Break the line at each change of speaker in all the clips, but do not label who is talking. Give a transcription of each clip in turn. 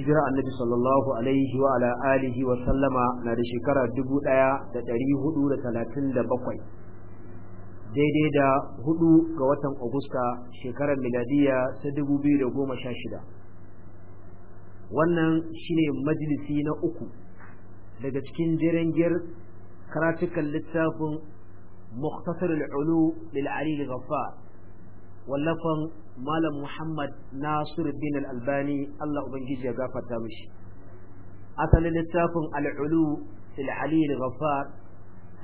hijira annabi sallallahu alaihi wa ala alihi wa sallama na da shekara bakwai daidai da hudu ga watan agusta shekarar miladiya ta shida wannan shine majalisi na uku daga cikin jirangiyar karatukan littafin muktasar al'ulu lil ali ghaffar wallafan malam muhammad nasir bin al-albani allah ubangiji ya gafarta mishi asalin littafin al al-ali al-ghaffar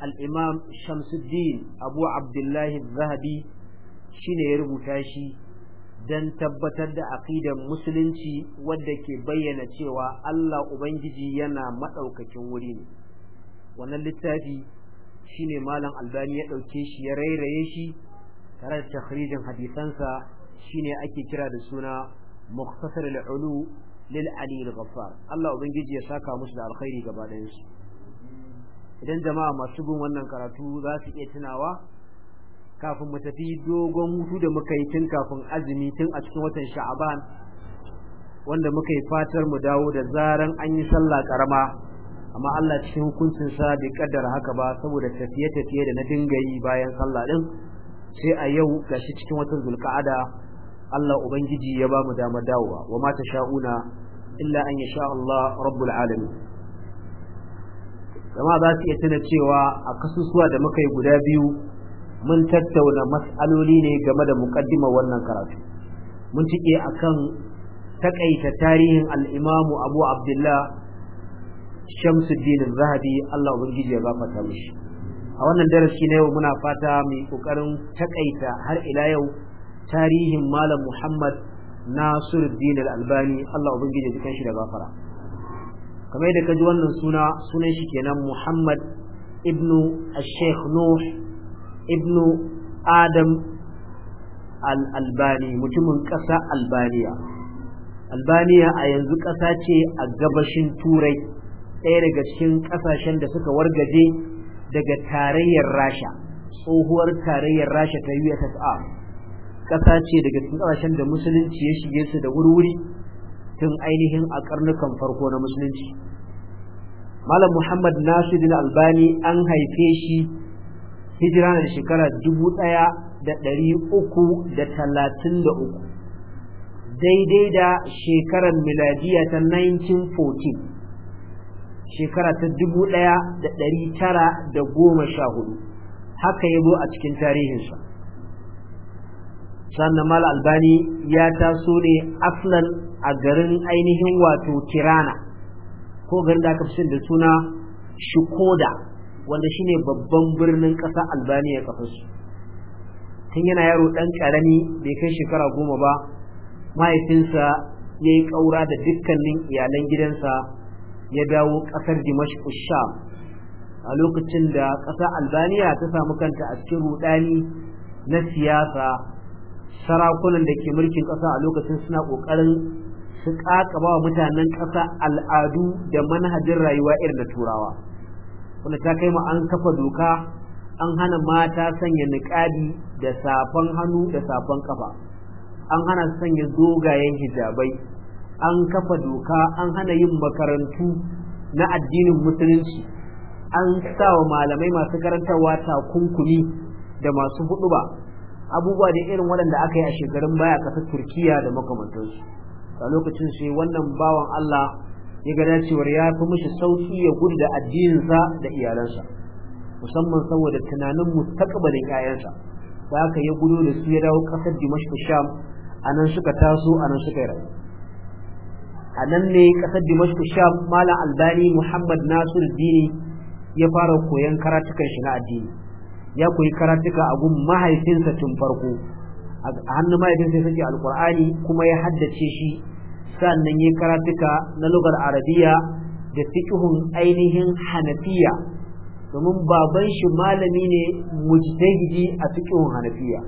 al-imam shamsuddin abu abdullahi zahabi shine ya rubuta shi don tabbatar da aƙidar musulunci wadda ke bayyana cewa Allah Ubangiji yana maɗaukakin wuri ne wannan littafi shine malam albani ya ɗauke shi ya rairaye shi tare da takhrijin hadisansa shine ake kira da suna mukhtasar al-ulu lil ali al-ghaffar Allah ubangiji ya saka musu da alkhairi gaba da su idan jama'a masu bin wannan karatu za su iya tunawa kafin mu tafi dogon hutu da muka yi tun kafin azumi tun a cikin watan sha'aban wanda muka yi fatar mu dawo da zaran an yi sallah karama amma Allah cikin hukuncin sa bai kaddara haka ba saboda tafiye-tafiye da na dinga yi bayan sallah din sai a yau gashi cikin watan zulqa'ada Allah ubangiji ya ba mu dama dawowa wa ma tasha'una illa an yasha Allah rabbul alamin kama za su iya tuna cewa a kasusuwa da muka yi guda biyu mun tattauna mas'aloli ne game da muqaddima wannan karatu mun a akan takaita tarihin al-Imam Abu Abdullah Shamsuddin Zahabi Allah ubangiji ya gafarta mishi a wannan darasi na yau muna fata mai kokarin takaita har ila yau tarihin malam Muhammad Nasiruddin Al-Albani Allah ubangiji ya shi da gafara kamar da kaji wannan suna sunan shi kenan Muhammad ibn Sheikh Nuh ibnu Adam Al-Albani mutumin ƙasa Albaniya Albaniya a yanzu ƙasa ce a gabashin Turai ɗaya daga cikin ƙasashen da suka wargaje daga tarayyar rasha tsohuwar tarayyar rasha ta ussr ƙasa ce daga cikin ƙasashen da musulunci ya shige su da wurwuri tun ainihin a karnukan farko na musulunci malam muhammad na albani an haife shi hijira da shekara dubu ɗaya da ɗari uku da talatin da uku daidai da shekarar miladiya ta 1914 shekara ta dubu ɗaya da ɗari tara da goma sha hudu haka ya zo a cikin tarihinsa sannan mal albani ya taso ne aslan a garin ainihin wato tirana ko garin da aka fi da suna shukoda wanda shine babban birnin ƙasa Albani albaniya kafarsu tun yana yaro ɗan ƙarami bai kai shekara goma ba mahaifinsa ya yi ƙaura da dukkanin iyalan gidansa ya dawo ƙasar Dimashq sham a lokacin da ƙasar albaniya ta samu kanta a cikin rudani na siyasa sarakunan da ke mulkin ƙasa a lokacin suna ƙoƙarin su wa mutanen ƙasa al'adu da manhajin rayuwa irin da turawa wanda ta kai mu an kafa doka an hana mata sanya niƙabi da safan hannu da safan kafa an hana sanya dogayen hijabai an kafa doka an hana yin makarantu na addinin musulunci an sa wa malamai masu karantarwa takunkumi da masu huɗuba, abubuwa da irin waɗanda aka yi a shekarun baya kasar turkiya da makamantansu a lokacin sai wannan bawan allah ya ga dacewar ya fi mishi sauki ya gudu da addininsa da iyalansa musamman saboda tunanin mustaqbalin 'ya'yansa da aka ya gudu da su ya dawo ƙasar dimashq sham a nan suka taso a nan suka yi a nan ne kasar dimashku sham malam albani muhammad nasir dini ya fara koyon karatukan shi na addini ya koyi karatuka a gun mahaifinsa tun farko a hannun mahaifinsa ya sake alkur'ani kuma ya haddace shi sannan ya karatuka na lugar arabiya da fiqhun ainihin hanafiya domin baban shi malami ne mujtahidi a fiqhun hanafiya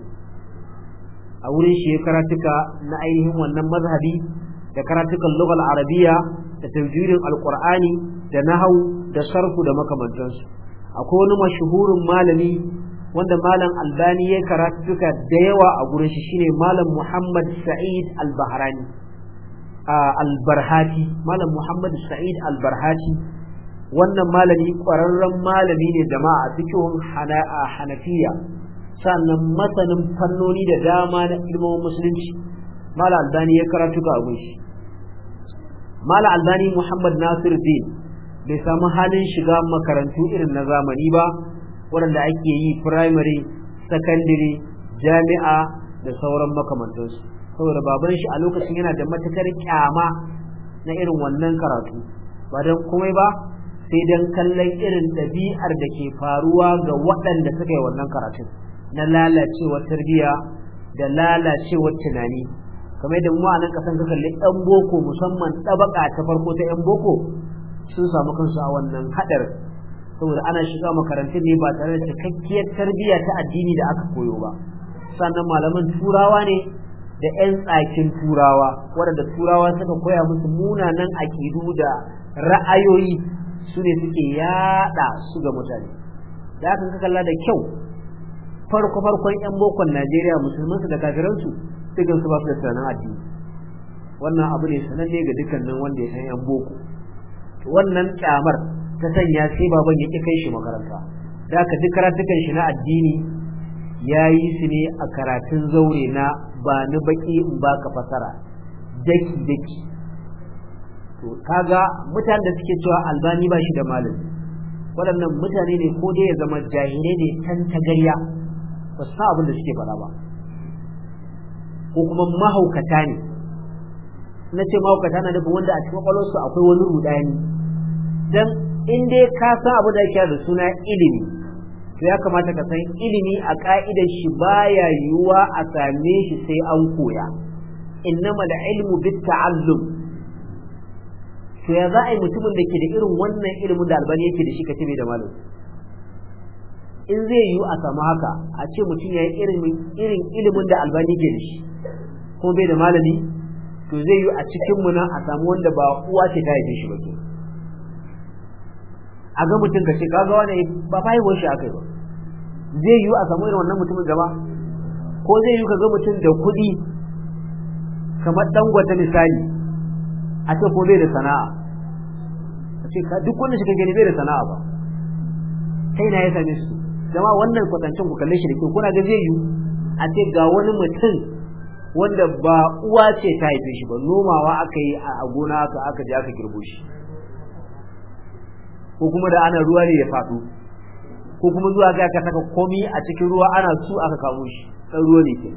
a wurin shi ya karatuka na ainihin wannan mazhabi da karatukan lugal arabiya da tajwirin alqur'ani da nahau da sarfu da makamantansu akwai wani mashuhurin malami wanda malam albani ya karatuka da yawa a gurin shi shine malam muhammad sa'id al-bahrani al malam muhammad sa'id al wannan malami ƙwararren malami ne jama'a a cikin hanafiya sannan masanin fannoni da dama na ilmin musulunci mala albani ya karatu ga abun shi mala albani muhammad nasir din bai samu halin shiga makarantu irin na zamani ba waɗanda ake yi primary secondary jami'a da sauran makamantansu saboda baban shi a lokacin yana da matakar kyama na irin wannan karatu ba don komai ba sai don kallon irin ɗabi'ar da ke faruwa ga waɗanda suka yi wannan karatun na lalacewar tarbiyya da lalacewar tunani kamar yadda mu a nan kasan ka kalli ɗan boko musamman ɗabaka ta farko ta yan boko sun samu kansu a wannan haɗar saboda ana shiga makarantun ne ba tare da cikakkiyar tarbiyya ta addini da aka koyo ba sannan malaman turawa ne da 'yan tsakin turawa waɗanda turawa suka koya musu munanan akidu da ra'ayoyi su ne suke yaɗa su ga mutane da aka kalla da kyau farko farkon 'yan bokon najeriya musulmansu da kafiransu gan su ba su da tunanin addini wannan abu ne sananne ga dukkanin wanda ya san yan boko wannan kyamar ta sanya sai baban ya ƙi kai shi makaranta da ka duk karatukan shi na addini ya yi su ne a karatun zaure na ba ni baki in ba ka fasara daki daki to kaga mutanen da suke cewa albani ba shi da malami waɗannan mutane ne ko dai ya zama jahilai ne kan tagarya ba su san abin da suke faɗa ba ko kuma mahaukata ne na ce mahaukata na nufin wanda a cikin kwakwalwarsu akwai wani rudani Don in dai ka san abu da yake da suna ilimi to ya kamata ka san ilimi a ka'idar shi baya yiwuwa a same shi sai an koya innama da ilmu bit ta'allum to ya za a yi mutumin da ke da irin wannan ilimin da albani yake da shi ka bai da malam in zai yiwu a samu haka a ce mutum ya yi irin ilimin da albani ke da shi kuma bai da malami to zai yi a cikin mu nan a samu wanda ba uwa ce ta haife shi ba ke a ga mutum ka ce ka ga wani ba fa haihuwar shi yi ba zai yi a samu irin wannan mutumin gaba ko zai yi ka ga mutum da kuɗi kamar dangwata misali a ce ko bai da sana'a a ce ka duk wanda shi gani bai da sana'a ba kai na ya same su jama'a wannan kwatancin ku kalle shi da kyau kuna ga zai yi a ce ga wani mutum wanda ba uwa ce ta haife shi ba nomawa aka yi a gona aka aka je aka girbo shi ko kuma da ana ruwa ne ya faɗo ko kuma zuwa ga ka saka komi a cikin ruwa ana su aka kamo shi dan ruwa ne ke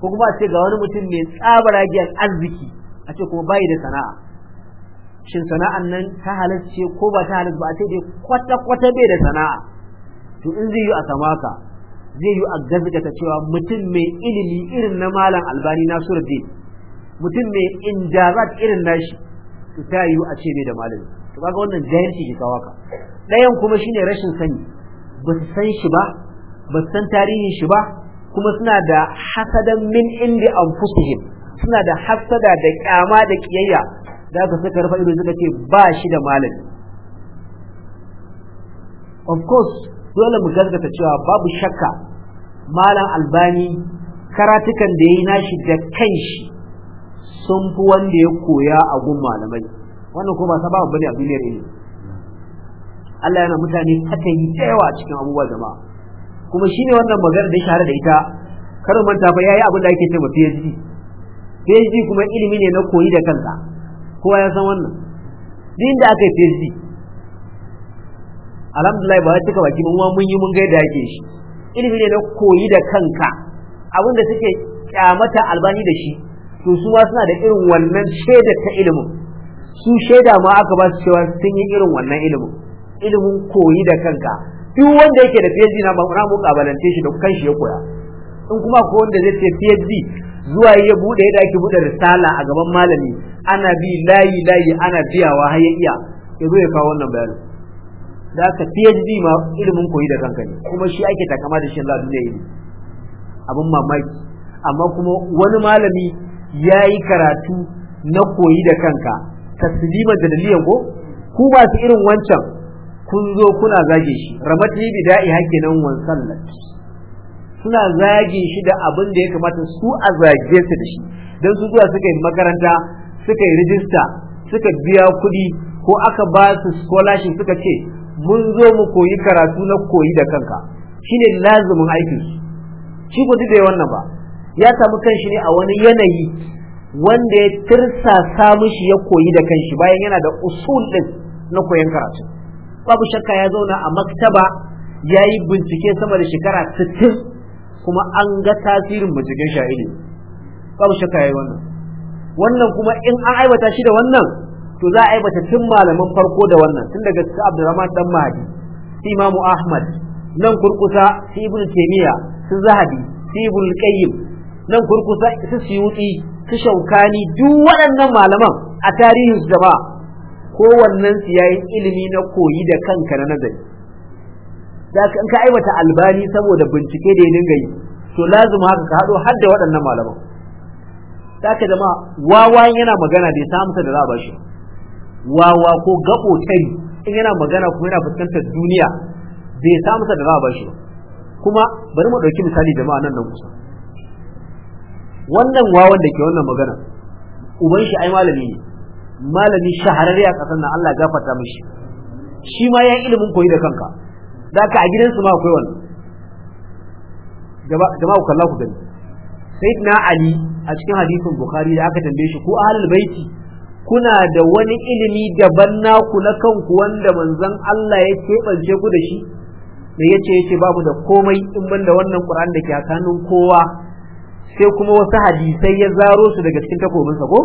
ko kuma a ce ga wani mutum mai tsabara giyar arziki a ce kuma bayi da sana'a shin sana'an nan ta halarce ko ba ta halarce ba a ce dai kwata-kwata bai da sana'a to in zai yi a samaka zai yi a gazgata cewa mutum mai ilimi irin na malam albani na surdi mutum mai injazat irin nashi to ta yi a ce bai da malami to kaga wannan jahilci ke kawo ka ɗayan kuma shine rashin sani ba su san shi ba ba su san tarihin shi ba kuma suna da hasadan min indi anfusihim suna da hasada da kyama da kiyayya da ka suka rufa ido suka ce ba shi da malami of course dole mu gaskata cewa babu shakka malam albani karatukan da yayi nashi da kanshi sun fi wanda ya koya a gun malamai wannan kuma ba sababu bane a duniyar ne. Allah yana mutane fatahi yi yawa cikin abubuwa jama'a kuma shine wannan magana da shahara da ita karin manta fa yayi abin da ake cewa PhD PhD kuma ilimi ne na koyi da kanka kowa ya san wannan din da aka yi PhD alhamdulillah ba ya cika baki mun mun yi mun ga yadda yake shi ilimi ne na koyi da kanka abin da suke kyamata albani da shi to su ma suna da irin wannan shaida ta ilimin su shaida ma aka ba su cewa sun yi irin wannan ilimin ilimin koyi da kanka duk wanda yake da PhD na ba mu kabalance shi da kanshi ya koya in kuma ko wanda zai ce PhD zuwa ya bude yadda ake bude risala a gaban malami ana bi layi layi ana biyawa har ya iya ya zo ya kawo wannan bayanin da haka PhD ma ilimin koyi da kanka kuma shi ake takama da shi Allah duniya yi abin mamaki amma kuma wani malami ya yi karatu na koyi da kanka taslima da daliyan ko ku ba su irin wancan kun zo kuna zage shi ramati da'i hakki nan wan sallat suna zage shi da abin da ya kamata su a zage su da shi dan su zuwa suka yi makaranta suka yi rijista suka biya kuɗi ko aka ba su scholarship suka ce mun zo mu koyi karatu na koyi da kanka shine lazumin aikin su shi ko duk wannan ba ya samu kanshi ne a wani yanayi wanda ya tirsa tirsasa shi ya koyi da kanshi bayan yana da usul din na koyon karatu babu shakka ya zauna a maktaba ya yi bincike sama da shekara 60 kuma an ga tasirin binciken sha'ili babu shakka ya yi wannan wannan kuma in an aiwata shi da wannan to za a yi tun malaman farko da wannan tun daga su abdurrahman dan mahdi su imamu ahmad nan kurkusa su ibn taymiya su zahabi su ibn qayyim nan kurkusa su suyuti su shaukani duk waɗannan malaman a tarihin su jama'a kowannen su yayi ilimi na koyi da kanka na nazari da in ka aibata albani saboda bincike da ya dinga to lazim haka ka haɗo har da waɗannan malaman da ma jama'a wawa yana magana da ya samu da za a bashi wawa ko gabo tari in yana magana kuma yana fuskantar duniya bai samu da za a bashi ba kuma bari mu ɗauki misali jama'a nan nan kusa wannan wawan da ke wannan magana uban shi ai malami ne malami shahararre a ƙasar nan Allah gafarta mishi shi ma ya ilimin koyi da kanka da ka a gidansu ma akwai wannan jama'a ku kalla gani sayyidina ali a cikin hadisin bukhari da aka tambaye shi ko ahlul baiti kuna da wani ilimi daban naku na kanku wanda manzon Allah ya keɓance ku da shi da ya ce yake babu da komai in banda wannan Qur'an da ke hannun kowa sai kuma wasu hadisai ya zaro su daga cikin takobinsa ko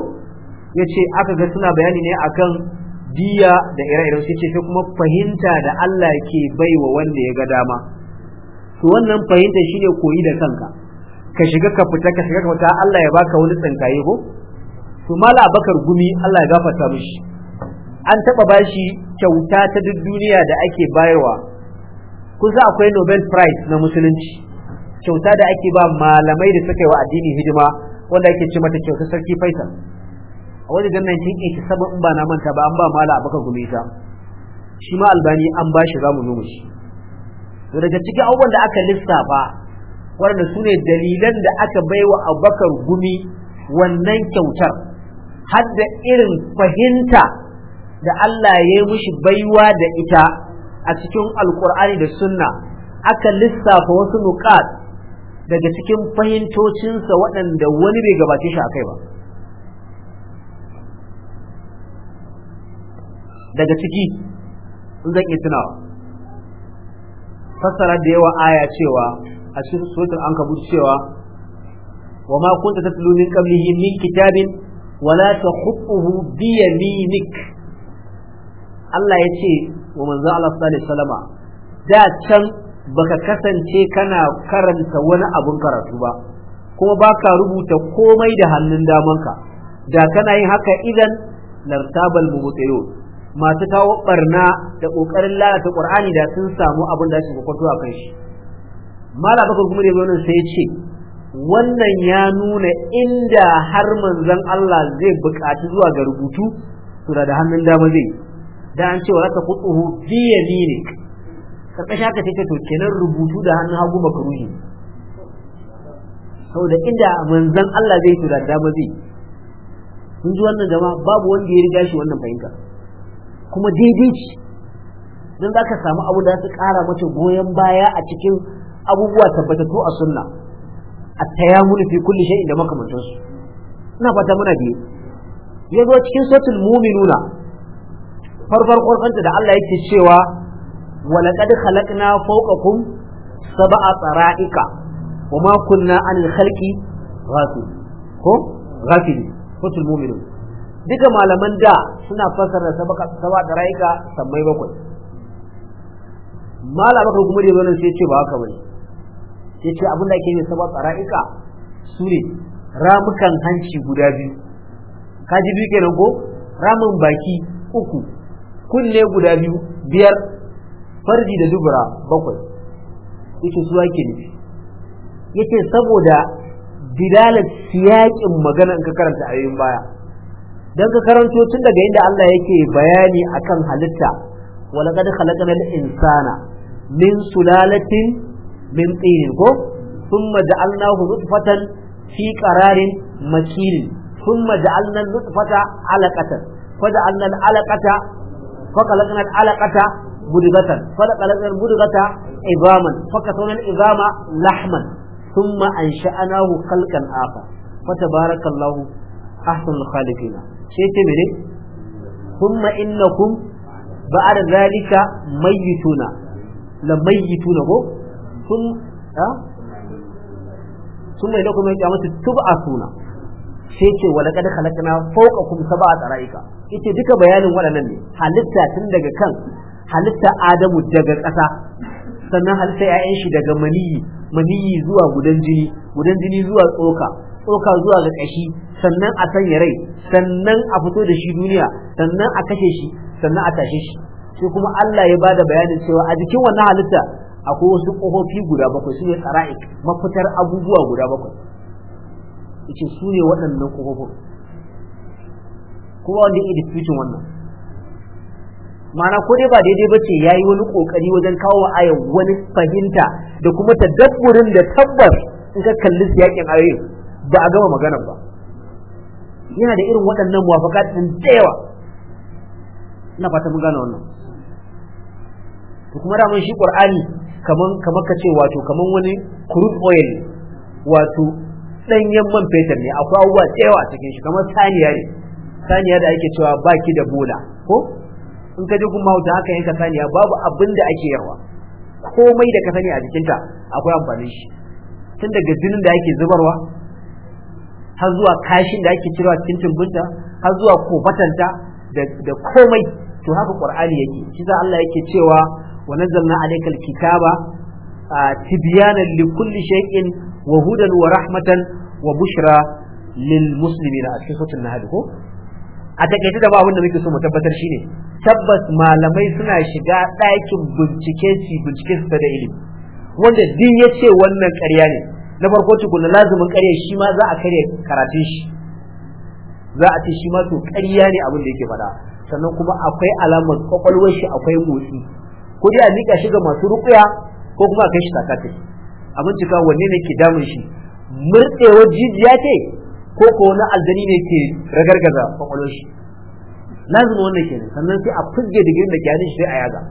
ya ce aka ga suna bayani ne akan diya da ire-iren su ce sai kuma fahimta da Allah ke baiwa wanda ya ga dama to wannan fahimta shine koyi da kanka ka shiga ka fita ka shiga ka fita Allah ya baka wani tsinkaye ko to mala bakar gumi Allah ya gafarta mishi an taba bashi kyauta ta duk duniya da ake bayarwa kusa akwai Nobel Prize na musulunci kyauta da ake ba malamai da suka yi wa addini hidima wanda ake ce mata kyauta sarki Faisal a wajen 1987 in ba na manta ba an ba mala bakar gumi ta shi ma albani an ba shi zamu zo shi to daga cikin abubuwan da aka lissafa waɗanda su ne dalilan da aka baiwa abubakar gumi wannan kyautar har da irin fahimta da Allah ya yi mushi baiwa da ita a cikin alkur'ani da sunna aka lissafa wasu nukat daga cikin fahimtocinsa waɗanda wani bai gabace shi a kai ba daga ciki zan iya tunawa fassara da yawa aya cewa a cikin an kabu cewa wa ma kunta tatlu min qablihi min kitabin wala تخطه بيمينك الله Allah ya ce wa صلى الله da can baka kasance kana karanta wani abun karatu ba kuma baka rubuta komai da hannun damanka da kana yin haka idan lartabal mubtilun masu kawo barna da kokarin lalata Qur'ani da sun samu abin da su kwakwato a kai shi mala baka kuma da wannan sai ya ce wannan ya nuna inda har manzon Allah zai buƙaci zuwa ga rubutu to da hannun dama zai da an ce wa ka kutuhu bi ka karkashin haka take to kenan rubutu da hannun hagu makruhi saboda inda manzon Allah zai tura da dama zai kun ji wannan jama'a babu wanda ya riga shi wannan fahimta kuma daidai ce dan zaka samu abu da su ƙara mata goyon baya a cikin abubuwa tabbatattu a sunna at في كل شيء shay'in كما makamantan انا ina منا muna biye cikin suratul mu'minuna farfar kurkanta da Allah yake cewa wa laqad khalaqna fawqakum sab'a tsara'ika wa ma kunna anil khalqi ghafil ko ghafil suratul mu'minun duka malaman da suna fassara sab'a tsara'ika sammai bakwai malama kuma da sai ce ba haka bane sai ce abinda ake yi sama tsara'ika su ne ramukan hanci guda biyu kaji biyu kenan ko ramin baki uku kunne guda biyu biyar farji da dubura bakwai yake su ake nufi yake saboda dilalar siyakin magana in ka karanta ayoyin baya dan ka karanto tun daga inda Allah yake bayani akan halitta walaqad khalaqnal insana min sulalatin min tsinin ko thumma ja'alnahu nutfatan fi qararin makin thumma ja'alna nutfata alaqatan fa ja'alna alaqata fa khalaqna alaqata mudghatan fa khalaqna mudghata idaman fa kasawna idama lahman thumma ansha'nahu khalqan akhar fa tabarakallahu ahsanul khaliqina sai ce mene thumma innakum ba'da zalika mayyituna la mayyituna ko sun ha kuma mai lakum ya kiyamati suna sai ce wa laqad khalaqna fawqakum sab'a tsaraika ita duka bayanin waɗannan ne halitta tun daga kan halitta Adamu daga ƙasa sannan halitta ‘ya'yan shi daga maniyi maniyi zuwa gudan jini gudan jini zuwa tsoka tsoka zuwa ga ƙashi sannan a sanya rai sannan a fito da shi duniya sannan a kashe shi sannan a tashe shi sai kuma Allah ya bada bayanin cewa a jikin wannan halitta akwai wasu ƙofofi guda bakwai su ne tsara'ik mafitar abubuwa guda bakwai ce su ne waɗannan ƙofofin kuma wanda ya disputin wannan ma'ana ko dai ba daidai ba ce ya yi wani ƙoƙari wajen kawo wa ayar wani fahimta da kuma tadabburin da tabbas in ka kalli siyaƙin ayoyin ba a gama maganar ba yana da irin waɗannan muwafaƙat ɗin da yawa ina fata mun gane wannan to kuma da mun shi Qur'ani kaman kamar ka ce wato kaman wani crude oil wato danyen man fetur ne akwai abubuwa tsayawa a cikin shi kamar saniya ne saniya da ake cewa baki da bola ko in ka je ma wuta haka yanka saniya babu abin da ake yawa komai da ka sani a jikinta akwai amfanin shi tun daga jinin da ake zubarwa har zuwa kashin da ake cirewa cikin tumbunta har zuwa kobatanta da komai to haka qur'ani yake shi za Allah yake cewa wa nazzalna alayka alkitaba tibyanan likulli shay'in wa hudan wa rahmatan wa bushra lil muslimina a ko a takaice da ba abin da muke so mu tabbatar shine tabbas malamai suna shiga ɗakin bincike su bincike su da ilimi wanda din ya ce wannan ƙarya ne na farko tukuna lazumin ƙarya shi ma za a karya karatun shi za a ce shi ma to ƙarya ne abin da yake faɗa sannan kuma akwai alamar kwakwalwar shi akwai motsi ko dai a lika shi ga masu rukuya ko kuma a kai shi sakatai a bincika wanne ne ke damun shi murɗewar jijiya ce ko ko wani aljani ne ke ragargaza kwakwalwar shi lazim wannan kenan sannan sai a da digirin da kyanin shi sai a yaga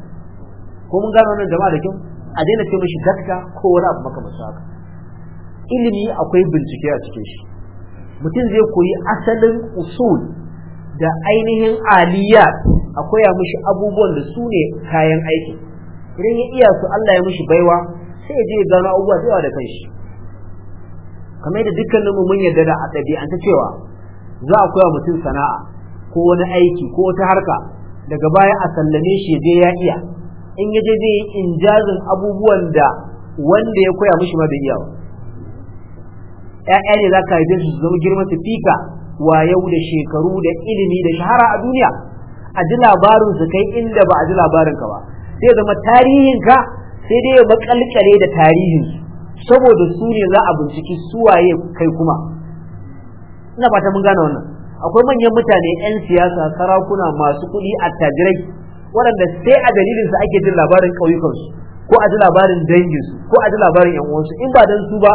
ko mun gano wannan jama'a da kyau a daina ce mishi gaska ko wani abu makamancin haka ilimi akwai bincike a cikin shi mutum zai koyi asalin usul da ainihin aliyat a koya mishi abubuwan da su ne kayan aiki idan ya iya su Allah ya mishi baiwa sai ya je ya gano abubuwa da yawa da kanshi kamar yadda dukkanin mu mun yarda da a ɗabi'anta cewa za a koya mutum sana'a ko wani aiki ko wata harka daga baya a sallame shi je ya iya in ya je zai yi injazin abubuwan da wanda ya koya mishi ma bai iya ba ƴaƴa ne za ka haife su zama girman su fika wayau da shekaru da ilimi da shahara a duniya a ji labarin su kai inda ba a ji labarin ka ba sai zama tarihin ka sai dai ya makalkare da tarihin saboda su ne za a binciki su waye kai kuma ina fata mun gane wannan akwai manyan mutane 'yan siyasa sarakuna masu kuɗi attajirai waɗanda sai a dalilin su ake jin labarin ƙauyukansu ko a ji labarin danginsu ko a ji labarin 'yan uwansu in ba dan su ba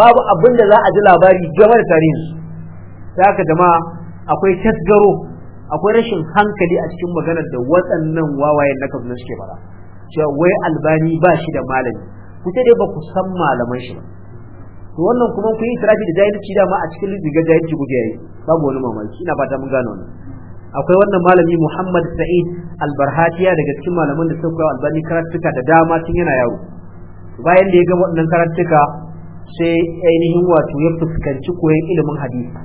babu abin da za a ji labari game da tarihinsu ta haka jama'a akwai tasgaro akwai rashin hankali a cikin maganar da waɗannan wawayen na kaduna suke fara cewa wai albani ba shi da malami ku dai ba ku san malaman shi ba to wannan kuma ku yi tirafi da jahilci dama a cikin rigar jahilci kuke yi babu wani mamaki ina fata mun gano wannan akwai wannan malami Muhammad Sa'id al Al-Barhatiya daga cikin malaman da suka kawo albani karatuka da dama tun yana yaro bayan da ya gama wannan karatuka sai ainihin wato ya fuskanci koyon ilimin hadisi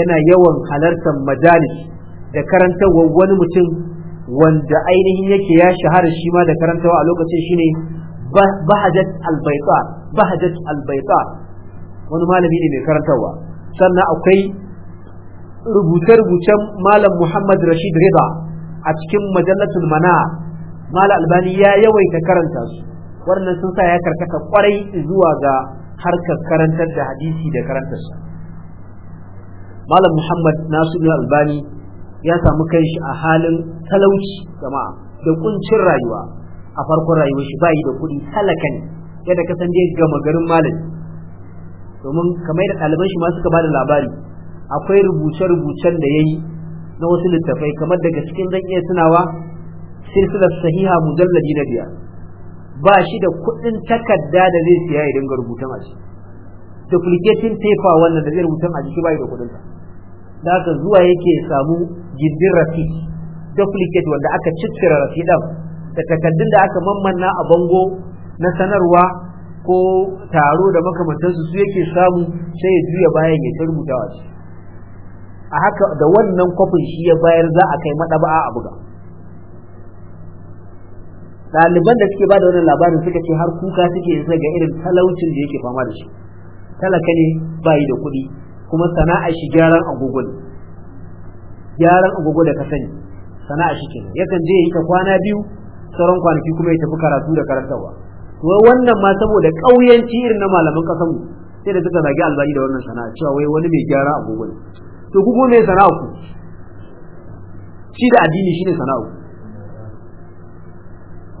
yana yawan halartar majalis da karantarwa wani mutum wanda ainihin yake ya shahara shi ma da karantawa a lokacin shine bahajat albaita bahajat albaita wani malami ne mai karantarwa sannan akwai rubuce-rubucen malam Muhammad Rashid Rida a cikin majallatul mana malam albani ya yawaita karanta su wannan sun sa ya karkata kwarai zuwa ga harkar karantar da hadisi da karantarsa malam Muhammad Nasiru Albani ya samu kai shi a halin talauci jama'a da kuncin rayuwa a farkon rayuwar shi bai da kuɗi talaka ne yadda ka san dai gama garin malami. domin kamar da ɗaliban shi ma suka bada labari akwai rubuce-rubucen da ya yi na wasu littafai kamar daga cikin zan iya tunawa silsilar sahiha mujalladi na biyar ba shi da kuɗin takarda da zai siya ya dinga rubutun a shi duplicating paper wannan da zai rubutun a jiki bai da kuɗin ta da haka zuwa yake samu gindin rafi duplicate wanda aka ciccira rafi ɗan da takaddun da aka mammanna a bango na sanarwa ko taro da makamantansu su yake samu sai ya juya bayan ya ta rubutawa a haka da wannan kwafin shi ya bayar za a kai maɗaba'a a buga ɗaliban da suke ba da wannan labarin suka ce har kuka suke yin ga irin talaucin da yake fama da shi talaka ne bayi da kuɗi kuma sana'a shi gyaran agogo ne gyaran agogo da ka sani sana'a shi kenan yakan je yi ta kwana biyu sauran kwanaki kuma ya tafi karatu da karantarwa to wannan ma saboda ƙauyanci irin na malaman kasan mu sai da suka zagi albani da wannan sana'a cewa wai wani mai gyara agogo ne to ku ne sana'a ku shi da addini shine sana'a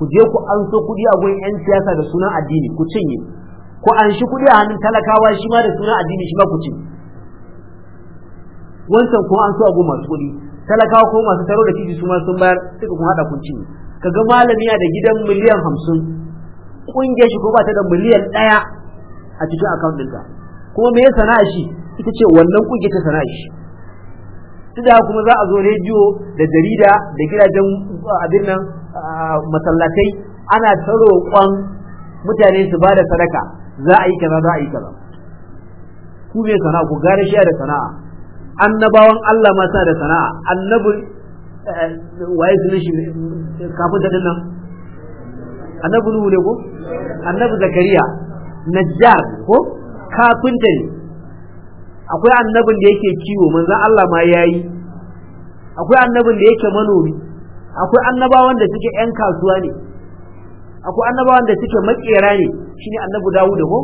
ku ku je ku an so kuɗi a gurin 'yan siyasa da sunan addini ku cinye ku an shi kuɗi a hannun talakawa shi ma da sunan addini shi ma ku cinye wancan kuma an so a masu kuɗi talakawa ko masu taro da titi su ma sun bayar suka kuma haɗa kun Ka kaga malami da gidan miliyan hamsin ƙungiyar shi ko ba ta da miliyan ɗaya a cikin akawun ɗinta kuma me ya sana'a shi ita ce wannan ƙungiyar ta sana'a shi tunda kuma za a zo rediyo da jarida da gidajen abin nan masallatai ana taro kwan mutane su ba da sadaka za a yi kaza za a yi kaza ku me sana'a ku gane shi da sana'a annabawan Allah ma sa da sana'a annabi eh, waye sunan shi kafin da dinnan annabi nuhu ne ko annabi zakariya najjar ko kafinta ne akwai annabin da yake kiwo manzo Allah ma yayi akwai annabin da yake manomi akwai annabawan da suke yan kasuwa ne akwai annabawan da suke makera ne shine annabi Dawud ko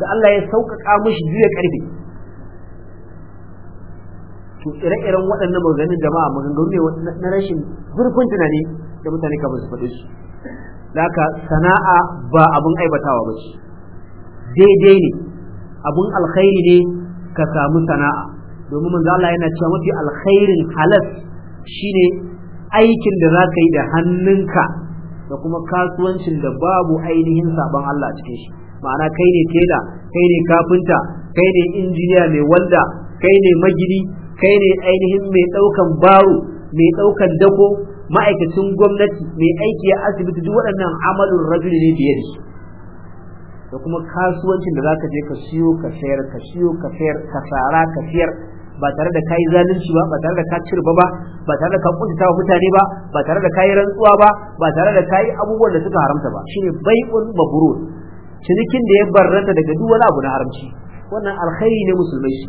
da Allah ya sauƙaƙa mishi jiya karfi to ire-iren waɗannan maganganun jama'a maganganu ne na rashin zurfin tunani da mutane kamar su faɗi su laka sana'a ba abin aibatawa ba ce daidai ne abin alkhairi ne ka samu sana'a domin manzo Allah yana cewa mafi alkhairin halas shine aikin da za ka yi da hannunka da kuma kasuwancin da babu ainihin saban Allah cikin shi ma'ana kai ne tela kai ne kafinta kai ne injiniya mai walda kai ne magini kai ne ainihin mai ɗaukan baro mai ɗaukan dako ma'aikacin gwamnati mai aiki a asibiti duk waɗannan amalin rajuli ne biyar da kuma kasuwancin da za ka je ka siyo ka sayar ka siyo ka sayar ka sara ka siyar ba tare da kayi zalunci ba ba tare da ka cirba ba ba tare da ka kuntata wa mutane ba ba tare da kayi rantsuwa ba ba tare da kayi abubuwan da suka haramta ba shine bai'un mabrur cinikin da ya barranta daga duk wani abu na haramci wannan alkhairi ne musulmai shi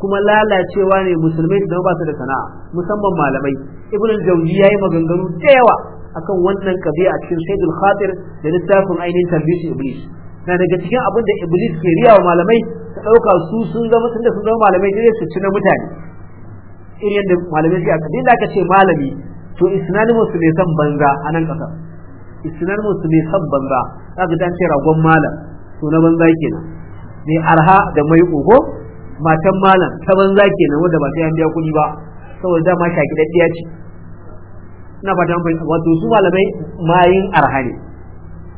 kuma lalacewa ne musulmai da ba su da sana'a musamman malamai ibnu al-jawzi yayi maganganu da yawa akan wannan kabi'a cikin sayyidul khatir da littafin ainihin tarbiyatu iblis na daga cikin abin da iblis ke riya wa malamai ta dauka su sun zama tunda da sun zama malamai dai su ci na mutane irin yadda malamai suke a da aka ce malami to isnanimus musulmai san banza a nan kasar isnanimus musulmai san banza kaga dan ce ragon malam to na banza kenan ne arha da mai ugo matan malam ta banza kenan wanda ba sai an biya kuɗi ba saboda dama shaki daddiya ce ina fata an fahimta wato su malamai mayin arha ne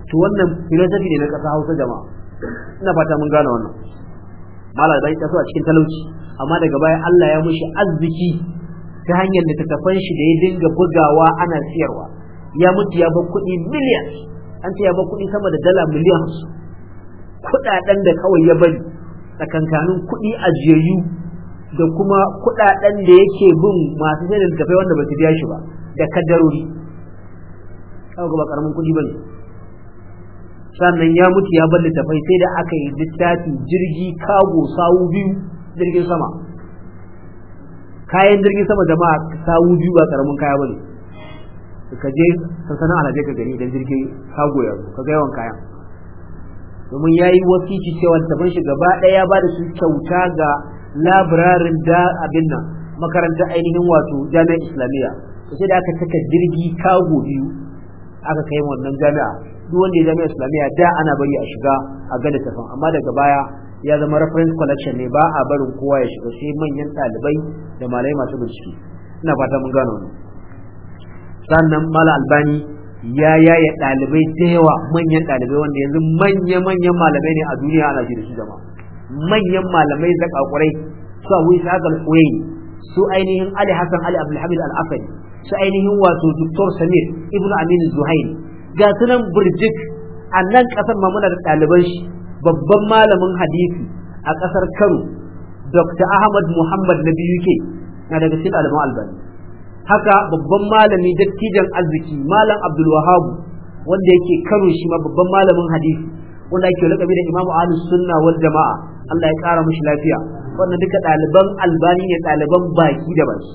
to wannan filosofi ne na ƙasa Hausa jama'a ina fata mun gane wannan malamai ta so a cikin talauci amma daga baya Allah ya mushi arziki ta hanyar da littattafan shi da ya dinga bugawa ana siyarwa ya mutu ya bar kuɗi miliyan an ce ya bar kuɗi sama da dala miliyan kuɗaɗen da kawai ya bari tsakankanin kuɗi ajiyayyu da kuma kuɗaɗen da yake bin masu sai da littafai wanda ba su biya shi ba da kaddarori kawo ba karamin kuɗi ba ne sannan ya mutu ya bar littafai sai da aka yi littafi jirgi kago sawu biyu jirgin sama kayan jirgin sama jama'a sawu biyu ba karamin kaya ba ne ka je sassanin alhaji ka gani idan jirgin kago ya zo ka ga yawan kayan domin ya yi wasici cewa tafin shi gaba ɗaya ya ba da su kyauta ga labirarin da abin nan makaranta ainihin wato jami'ar islamiyya to sai da aka taka jirgi kago biyu aka kai wannan jami'a duk wanda ya jami'ar islamiyya da ana bari a shiga a gada tafin amma daga baya ya zama reference collection ne ba a barin kowa ya shiga sai manyan ɗalibai da malai masu bincike ina fata mun gano ne sannan mala albani ya yaya ɗalibai da yawa manyan ɗalibai wanda yanzu manya-manyan malamai ne a duniya ana ji da su jama'a manyan malamai da kakurai su abu isa ga kuwaini su ainihin ali hassan ali abdulhamid al Afani su ainihin wato Dr samir Ibn Amin zuhairi ga sunan burjik a nan ƙasar ma muna da ɗaliban shi babban malamin hadisi a ƙasar kano dr ahmad muhammad na biyu ke na daga cikin ɗaliban albani haka babban malami dattijan arziki malam abdul wahab wanda yake karo shi ma babban malamin hadisi wanda ake lakabi da imamu ahli sunna wal jama'a Allah ya kara mushi lafiya wannan duka ɗaliban albani ne ɗaliban baki da baki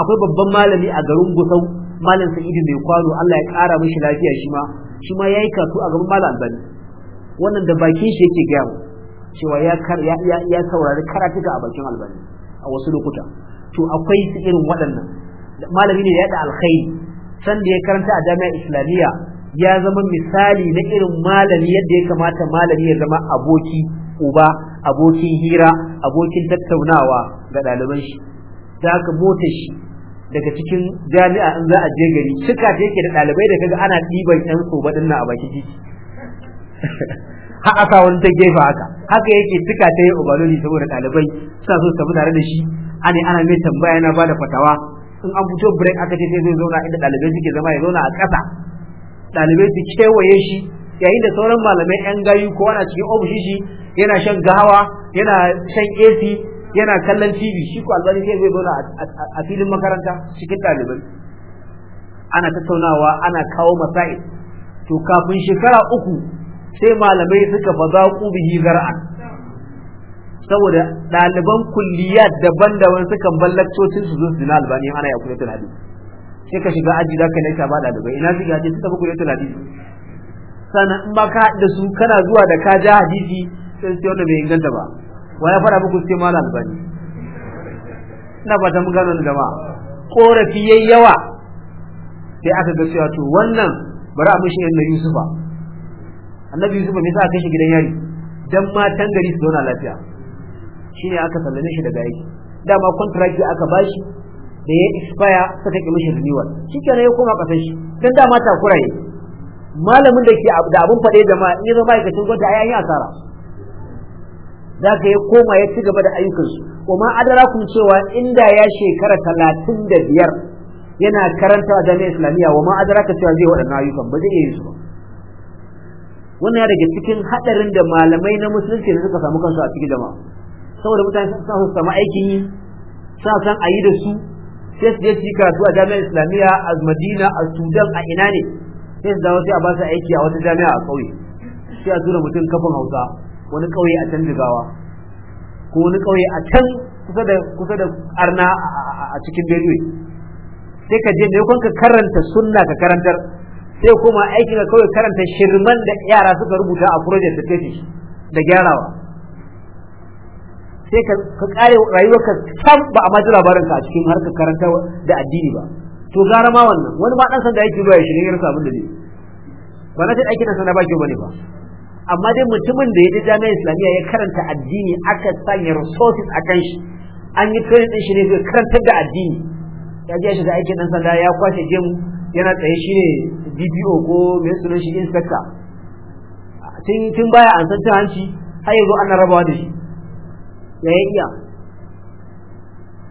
akwai babban malami a garin gusau malam sa'idu mai kwano Allah ya kara mushi lafiya shi ma shi ma yayi kasu a gaban malam albani wannan da bakin shi yake gaya mu cewa ya ya saurari karatuka a bakin albani a wasu lokuta to akwai su irin waɗannan malami ne ya da alkhairi san da ya karanta a jami'a islamiyya ya zama misali na irin malami yadda ya kamata malami ya zama aboki uba abokin hira abokin tattaunawa ga ɗaliban shi da aka mota shi daga cikin jami'a in za a je gari cika ta yake da ɗalibai da kaga ana ɗiban ƴan soba ɗin a bakin titi haka wani ta gefe haka haka yake cika ta yi obaloli saboda ɗalibai suna so su tafi tare da shi Ani ana mai tambaya yana bada fatawa in an fito break aka ce sai zai zauna inda ɗalibai suke zama ya zauna a ƙasa ɗalibai su kewaye shi yayin da sauran malamai yan gayu ko ana cikin ofishi shi yana shan gawa yana shan AC yana kallon TV shi ko alƙali sai zai zauna a filin makaranta cikin ɗalibai ana tattaunawa ana kawo masail to kafin shekara uku sai malamai suka fazaƙu bihi zar'an saboda ɗaliban kulliya daban-daban sukan ballakto laccocin su zo su na albani ana ya kuliyatul hadis sai ka shiga aji zaka naita ba ɗalibai ina su yaje su tafi kuliyatul hadis sannan in ba ka da su kana zuwa da ka ja hadisi sai sai wanda bai inganta ba wa ya fara muku sai malam albani ina fata mun gano jama'a korafi yayi yawa sai aka ga cewa to wannan bari a mishi annabi Yusufa annabi Yusufa me yasa aka kashe gidan yari dan matan gari su zauna lafiya shine aka sallame shi daga aiki dama contract aka bashi da ya expire sai take mishi renewal shikenan ya koma kasan shi dan dama takura ne malamin da ke da abun fade jama'a in zo aikacin gwada ai an yi asara da ka ya koma ya ci gaba da ayyukansu kuma kun cewa inda ya shekara talatin da biyar yana karanta a jami'ar islamiyya wa ma adaraka cewa zai waɗannan ayyukan ba zai iya yi su ba wannan ya daga cikin haɗarin da malamai na musulunci da suka samu kansu a cikin jama'a saboda mutane sun samu samu aikin yi sa san a yi da su sai su je su karatu a jami'ar islamiyya a madina a sudan a ina ne sai su dawo sai a ba su aiki a wata jami'a a ƙauye sai a tura mutum kafin hausa wani ƙauye a can jigawa ko wani ƙauye a can kusa da kusa da arna a cikin benue sai ka je ne kun ka karanta sunna ka karantar sai kuma aikin ka kawai karanta shirman da yara suka rubuta a project da tafi da gyarawa sai ka kare rayuwarka sam ba a maji labarin ka a cikin harkar karanta da addini ba to gara ma wannan wani ba dan sanda yake zuwa ya shirye ya samu da zai ba na ce aikin da sana ba kyau bane ba amma dai mutumin da ya je jami'ar islamiyya ya karanta addini aka sanya resources a kan shi an yi training din shi ne zai karantar da addini ya je shi da aikin dan sanda ya kwashe jim yana tsaye shi ne DPO ko mai sunan shi inspector tun baya an san cin hanci har yanzu ana rabawa da shi ya ya iya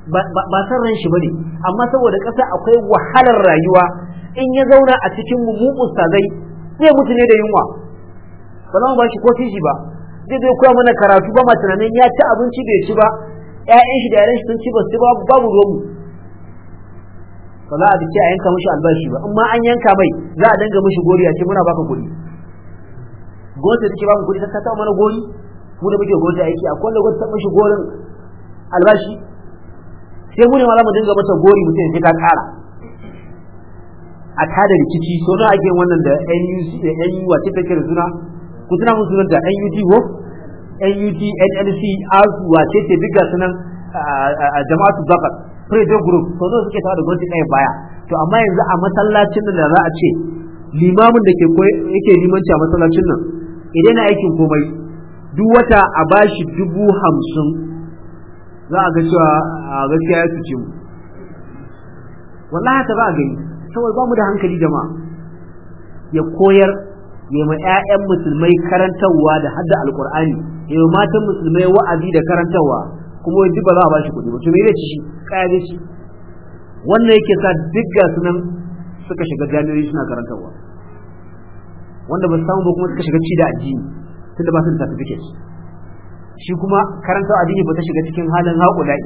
ba san ran shi bane amma saboda ƙasa akwai wahalar rayuwa in ya zauna a cikin mummun zai zai mutu ne da yunwa ba za mu ba shi ko shi ba zai zai koya mana karatu ba ma tunanin ya ci abinci bai ci ba ƴaƴan shi da yaran shi sun ci ba su ba babu romu ba za a ce a yanka mishi albashi ba amma an yanka mai za a danga mishi gori a ce muna baka gori gwamnati take baka gori ta ta mana gori mu da muke gwamnati aiki a kwallo gwamnati taɓa shi gorin albashi sai mune ne ma za mu dinga mata gori mutum ya ta ƙara a tada rikici so na ake wannan da NUC da NU wa ce take da suna ku tuna mun sunan da NUD ko NUD NLC ASU wa ce ce duk gasu nan jama'atu zakat Freedom Group so zo suke tawa da gwamnati ɗaya baya to amma yanzu a masallacin nan da za a ce limamin da ke yake limanci a masallacin nan idan na aikin komai duk wata a bashi dubu hamsin za a ga cewa a gaskiya ya cuce mu wallahi ta ba a gani saboda ba mu da hankali jama'a ya koyar ya ma 'ya'yan musulmai karantarwa da hadda alkur'ani ya ma matan musulmai wa'azi da karantarwa kuma duk ba za a bashi kuɗi ba to me zai ci shi wannan yake sa duk ga sunan suka shiga jami'o'i suna karantarwa wanda ba su samu ba kuma suka shiga ci da addini tunda ba su da certificate shi kuma karanta addini ba ta shiga cikin halin haƙulai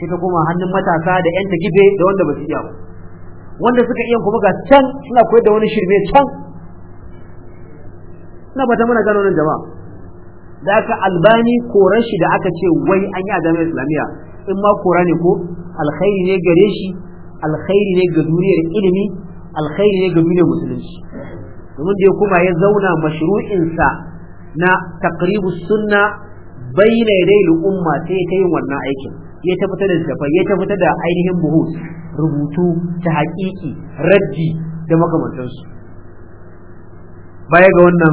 sai ta koma hannun matasa da yan tagibe da wanda ba su iya ba wanda suka iya kuma ga can suna koyar da wani shirme can suna ba ta mana gano nan jama'a da aka albani koran shi da aka ce wai an yi a islamiyya in ma kora ne ko alkhairi ne gare shi alkhairi ne ga duniyar ilimi alkhairi ne ga duniyar musulunci domin da ya kuma ya zauna mashru'insa na taqribu sunna bayna yadai al-umma sai ta yin wannan aikin ya ta da shafa, ya ta da ainihin buhus rubutu ta haƙiƙi raddi da makamantansu baya ga wannan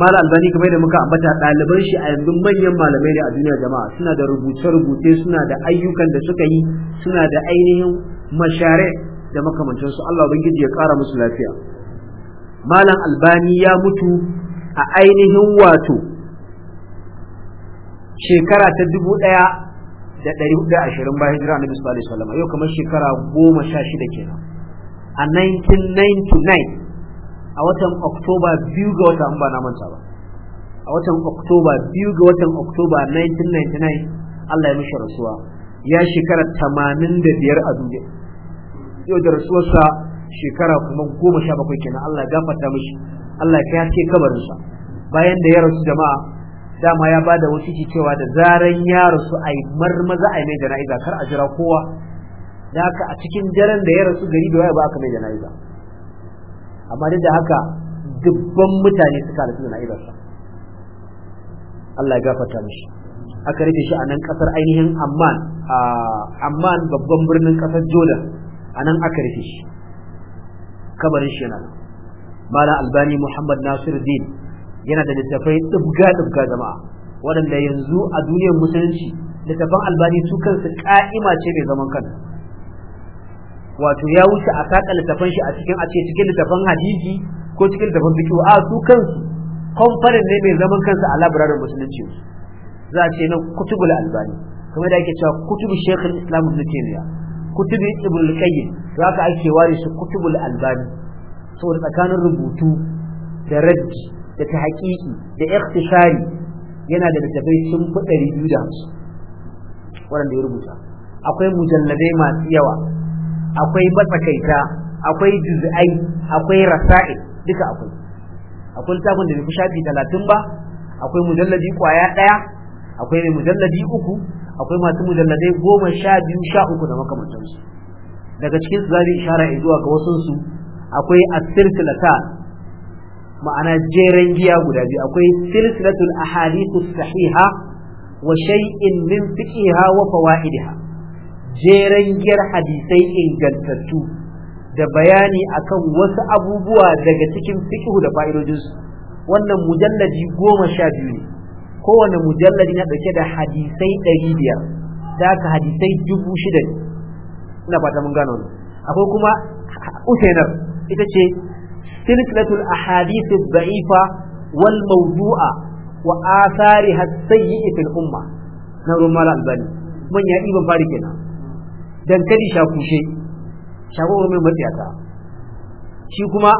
mal albani kamar da muka ambata ɗaliban shi a yanzu manyan malamai ne a duniya jama'a suna da rubuce-rubuce suna da ayyukan da suka yi suna da ainihin mashare da makamantansu Allah ubangiji ya ƙara musu lafiya malam albani ya mutu a ainihin wato shekara ta dubu ɗaya da ɗari hudu ashirin bayan jira na bisu alaihi wasallam yau kamar shekara goma sha shida kenan a 1999 a watan oktoba biyu ga wata an ba na manta ba a watan oktoba biyu ga watan oktoba 1999 Allah ya mishi rasuwa ya shekara tamanin da biyar a duniya yau da rasuwarsa shekara kuma goma sha bakwai kenan Allah ya gafarta mishi Allah ya kace haske kabarinsa bayan da ya rasu jama'a dama ya bada wasiki cewa da zaran ya rasu ai marmaza ai mai jana'iza kar a jira kowa da haka a cikin daren da ya rasu gari da waya ba aka mai jana'iza amma duk da haka dubban mutane suka rasu jana'izarsa Allah ya gafarta mishi aka rike shi a nan kasar ainihin Amman a Amman babban birnin kasar Jordan a nan aka rike shi kabarin shi yana nan Malam albani muhammad nasir din yana da littafai dubga dubga jama'a waɗanda yanzu a duniyar musulunci littafan albani su kansu ka'ima ce mai zaman kanta wato ya wuce a saka littafan shi a cikin a ce cikin littafan hadisi ko cikin littafan fiqh a su kansu kamfanin ne mai zaman kansa a labirarin musulunci za a ce na kutubul albani kuma da ake cewa kutubu shekul islam ibn taymiya kutubu ibn al-qayyim to haka ake ware su kutubul albani saboda tsakanin rubutu da raddi da ta haƙiƙi da ikhtisari yana da littafai sun kuɗari biyu da hamsin waɗanda ya rubuta akwai mujalladai masu yawa akwai matsakaita akwai juz'ai akwai rasa'i duka akwai akwai littafin da bai fi shafi talatin ba akwai mujalladi kwaya ɗaya akwai mai mujalladi uku akwai masu mujalladai goma sha biyu sha uku da makamantansu daga cikin su za mu ishara zuwa ga wasansu akwai as-silsilata ma'ana jeren giya guda biyu akwai silsilatul ahadithu sahiha wa shay'in min fiqiha wa fawaidiha jeren giyar hadisai ingantattu da bayani akan wasu abubuwa daga cikin fiqhu da fa'idojinsu wannan mujalladi goma sha biyu ne kowane mujalladi na dauke da hadisai ɗari biyar da hadisai dubu shida ne ina fata mun gano akwai kuma usainar ita ce silsilatul ahadith daifa wal mawdu'a wa athariha sayyii fil umma na rumal albani mun ya ibn fari kenan dankali shakushe shago mai matsiyata shi kuma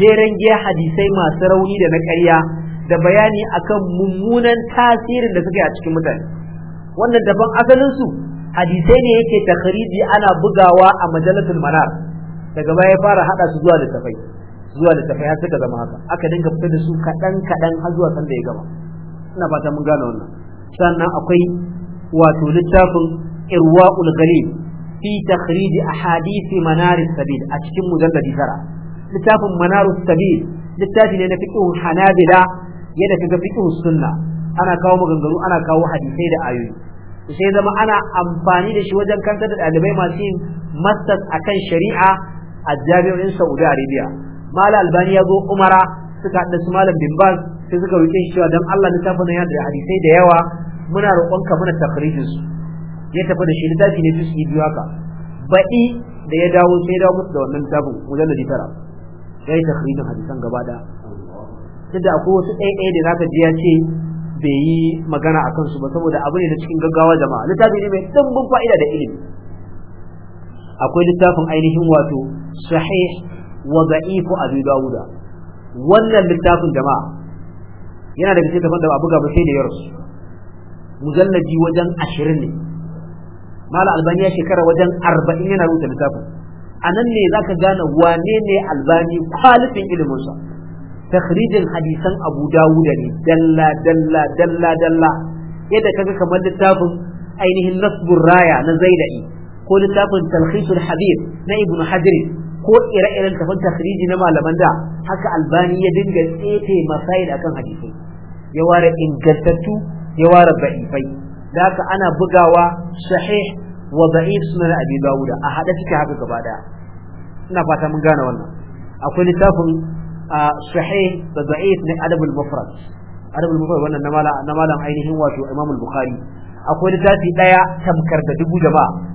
jeren giya hadisai masu rauni da na ƙarya da bayani akan mummunan tasirin da suka yi a cikin mutane wannan daban asalinsu hadisai ne yake takhriji ana bugawa a majalisul manar daga baya ya fara hada su zuwa littafai zuwa littafai har suka zama haka aka dinga fita da su kaɗan kaɗan har zuwa sanda ya gama ina fata mun gane wannan sannan akwai wato littafin irwaul ghalib fi takhrij ahadith manar sabil a cikin mujalladi tara littafin manar sabil littafi ne na fiqh hanabila yadda kaga fiqh sunna ana kawo maganganu ana kawo hadisai da ayoyi sai zama ana amfani da shi wajen kantar da ɗalibai masu yin mastas a kan shari'a a jami'in Saudi Arabia Malam Albani ya zo Umara suka haɗa su Malam bin Baz sai suka roƙe shi cewa dan Allah littafin nan na da hadisai da yawa muna roƙonka muna takrijin su ya tafi da shi littafi ne su yi biyu haka baɗi da ya dawo sai dawo musu da wannan littafin da tara ya yi takrijin hadisan gaba da duk da akwai wasu ɗaya da zaka ji ya ce bai yi magana a kansu ba saboda abu ne na cikin gaggawa jama'a littafi ne mai ɗumbin fa'ida da ilimi akwai littafin ainihin wato sahih wa da'ifu abi dawuda wannan littafin jama'a yana daga cikin da abu gaba sai da yarsu mujallaji wajen ashirin ne mala albani ya shekara wajen arba'in yana rubuta littafin a nan ne za ka gane wane ne albani kwalifin iliminsa takhrijin hadisan abu dawuda ne dalla dalla dalla dalla yadda kaga kamar littafin ainihin nasbur raya na zaida'i ko littafin talkhisul habib na ibn hajar ko ire-iren tafin takhriji na malaman da haka albani ya dinga tsefe masail akan hadisi ya ware ingantattu ya ware da'ifai da haka ana bugawa sahih wa da'if sunan abi dawuda a hada suke haka gaba daya ina fata mun gane wannan akwai littafin sahih da ba'if na adabul mufrad adabul mufrad wannan na malam ainihin wato Imamul bukhari akwai littafi ɗaya tamkar da dubu jama'a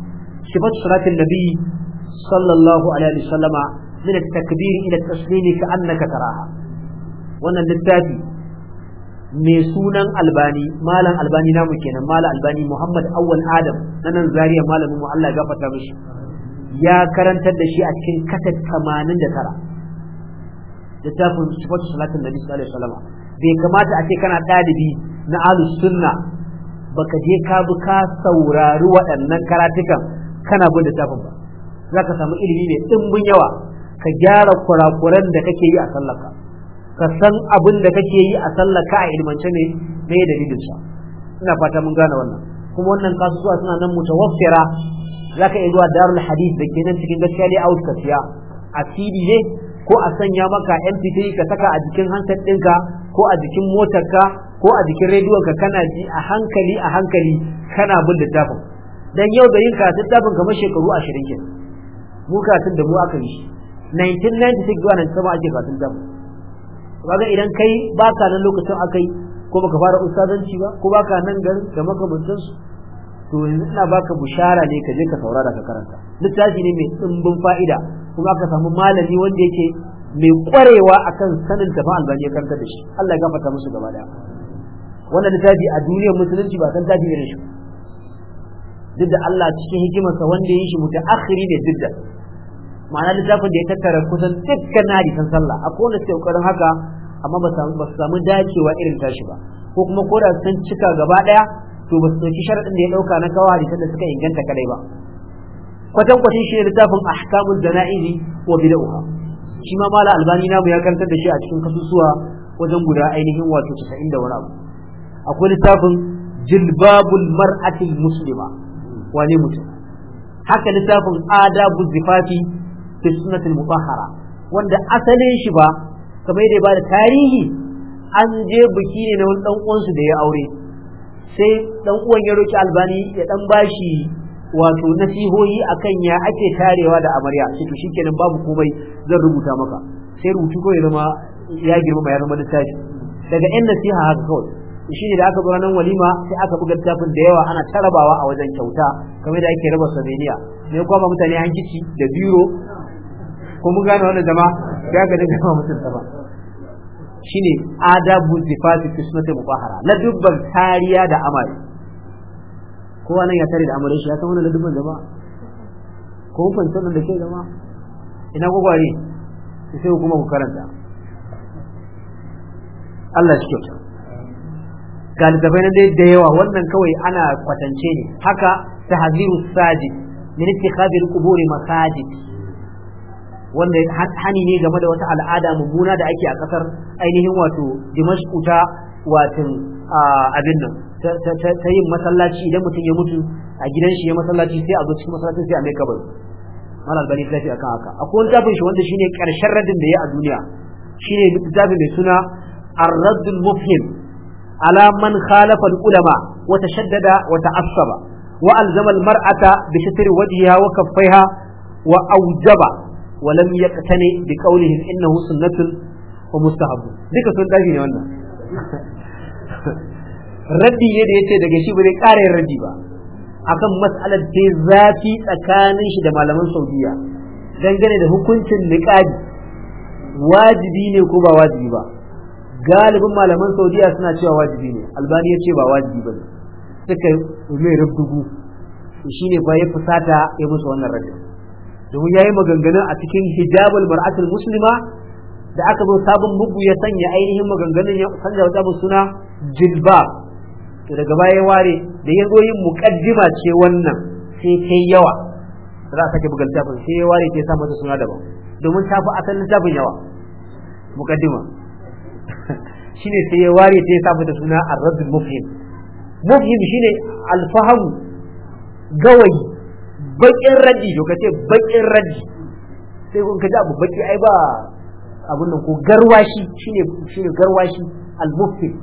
صفات صلاة النبي صلى الله عليه وسلم من التكبير إلى التسليم كأنك تراها وأنا للتابي ميسونا الباني مالا الباني نامو كينا مالا الباني محمد أول آدم نانا زاريا مالا مو الله غفت مش يا كرنت الدشي أتكين كتت كمانين دكرا littafin sifatu salatin nabi sallallahu alaihi wasallam bai kamata a ce kana ɗalibi na ahlus sunna baka je ka bi ka saurari waɗannan karatukan kana bin tafin ba za ka samu ilimi mai ɗimbin yawa ka gyara kurakuran da kake yi a sallaka ka san abin da kake yi a sallaka a ilmance ne na dalilin sa ina fata mun gane wannan kuma wannan kasuwa suna nan mutawaffira ka iya zuwa darul hadith da ke nan cikin gaskiya ne a ka siya a CD ne ko a sanya maka MP3 ka saka a jikin hankali ɗinka ko a jikin motarka ko a jikin rediyonka ka kana ji a hankali a hankali kana bin littafin dan yau da yin karatun tafin kamar shekaru ashirin ke mu karatun da mu aka yi 1996 zuwa 97 ake karatun tafin kaga idan kai ba ka nan lokacin aka yi ko baka fara ustazanci ba ko baka nan garin da makamantan su to yanzu ina baka bushara ne ka je ka da ka karanta littafi ne mai tsimbin fa'ida kuma aka samu malami wanda yake mai kwarewa akan sanin tafi albani ya karanta da shi Allah ya gafarta musu gaba daya wannan littafi a duniyar musulunci ba san tafi ne shi duk da Allah cikin hikimarsa wanda ya yi shi mutaakhiri ne duk da ma'ana littafin da ya tattara kusan dukkan hadisan sallah akwai wanda suke kokarin haka amma ba su samu dacewa irin tashi ba ko kuma ko da sun cika gaba daya to ba su dauki sharaɗin da ya ɗauka na kawo hadisan da suka inganta kadai ba kwatan kwatan shi littafin ahkamul jana'izi wa bid'ah shi ma mala albani namu ya karantar da shi a cikin kasusuwa wajen guda ainihin wato 90 da wani abu akwai littafin jilbabul mar'atil muslima wane mutum haka littafin adabu zifafi fi sunnatul mutahhara wanda asalin shi ba kamar yadda ba da tarihi an je biki ne na wani dan uwansu da ya aure sai dan uwan ya roki albani ya dan bashi wato nasihohi akan ya ake tarewa da amarya shi to shikenan babu komai zan rubuta maka sai rubutu kawai zama ya girma ya zama littafi daga yan nasiha haka kawai shi ne da aka zo nan walima sai aka buga littafin da yawa ana tarabawa a wajen kyauta kamar da ake raba samaniya ne kuma ba mutane hankici da biro ko mun gane wannan jama'a ya ga daga ba ta ba shine adabu zifati fi mubahara la dubban kariya da amari kowa nan ya tare da amare shi ya san wannan la dubban jama'a ko kun san da ke jama'a ina ko gwari sai kuma ku karanta Allah shi kyauta Galibai littafai na dai da yawa wannan kawai ana kwatance ne haka ta tahziru sajid min ittikhadil quburi masajid wanda hani ne game da wata al'ada mummuna da ake a kasar ainihin wato dimashku ta watin abin nan ta yin masallaci idan mutum ya mutu a gidan shi ya masallaci sai a zo cikin masallacin sai a mai kabari mala albani lafi akan haka akwai wani tafin shi wanda shine karshen radin da ya a duniya shine littafin mai suna ar-raddul mufhim على من خالف العلماء وتشدد وتعصب وألزم المرأة بستر وجهها وكفيها وأوجب ولم يقتنع بقولهم إنه سنة ومستحب ذكر سنة ne wannan Rabi yadda ya ce daga shi bai ƙara yin raddi ba akan mas'alar da zafi tsakanin shi da malaman saudiya dangane da hukuncin niqabi wajibi ne ko ba wajibi ba galibin malaman saudiya suna cewa wajibi ne albani ya ce ba wajibi ba ne suka mai rubdugu shi ne ba ya fusata ya musu wannan rajin domin ya yi maganganun a cikin hijabul mar'atul muslima da aka zo sabon mugu ya sanya ainihin maganganun ya sanya wata suna jilba to daga baya ware da ya zo yin muqaddima ce wannan sai ta yawa za a sake bugal tafin sai ya ware ke sa mata suna daban domin ta fi asalin tafin yawa muqaddima shine sai ya ware ta ya samu da suna ar mufhim mufhim shine al-fahm gawayi bakin radi to kace bakin radi sai kun kaji abu baki ai ba abun nan ko garwashi shine shine garwashi al-mufhim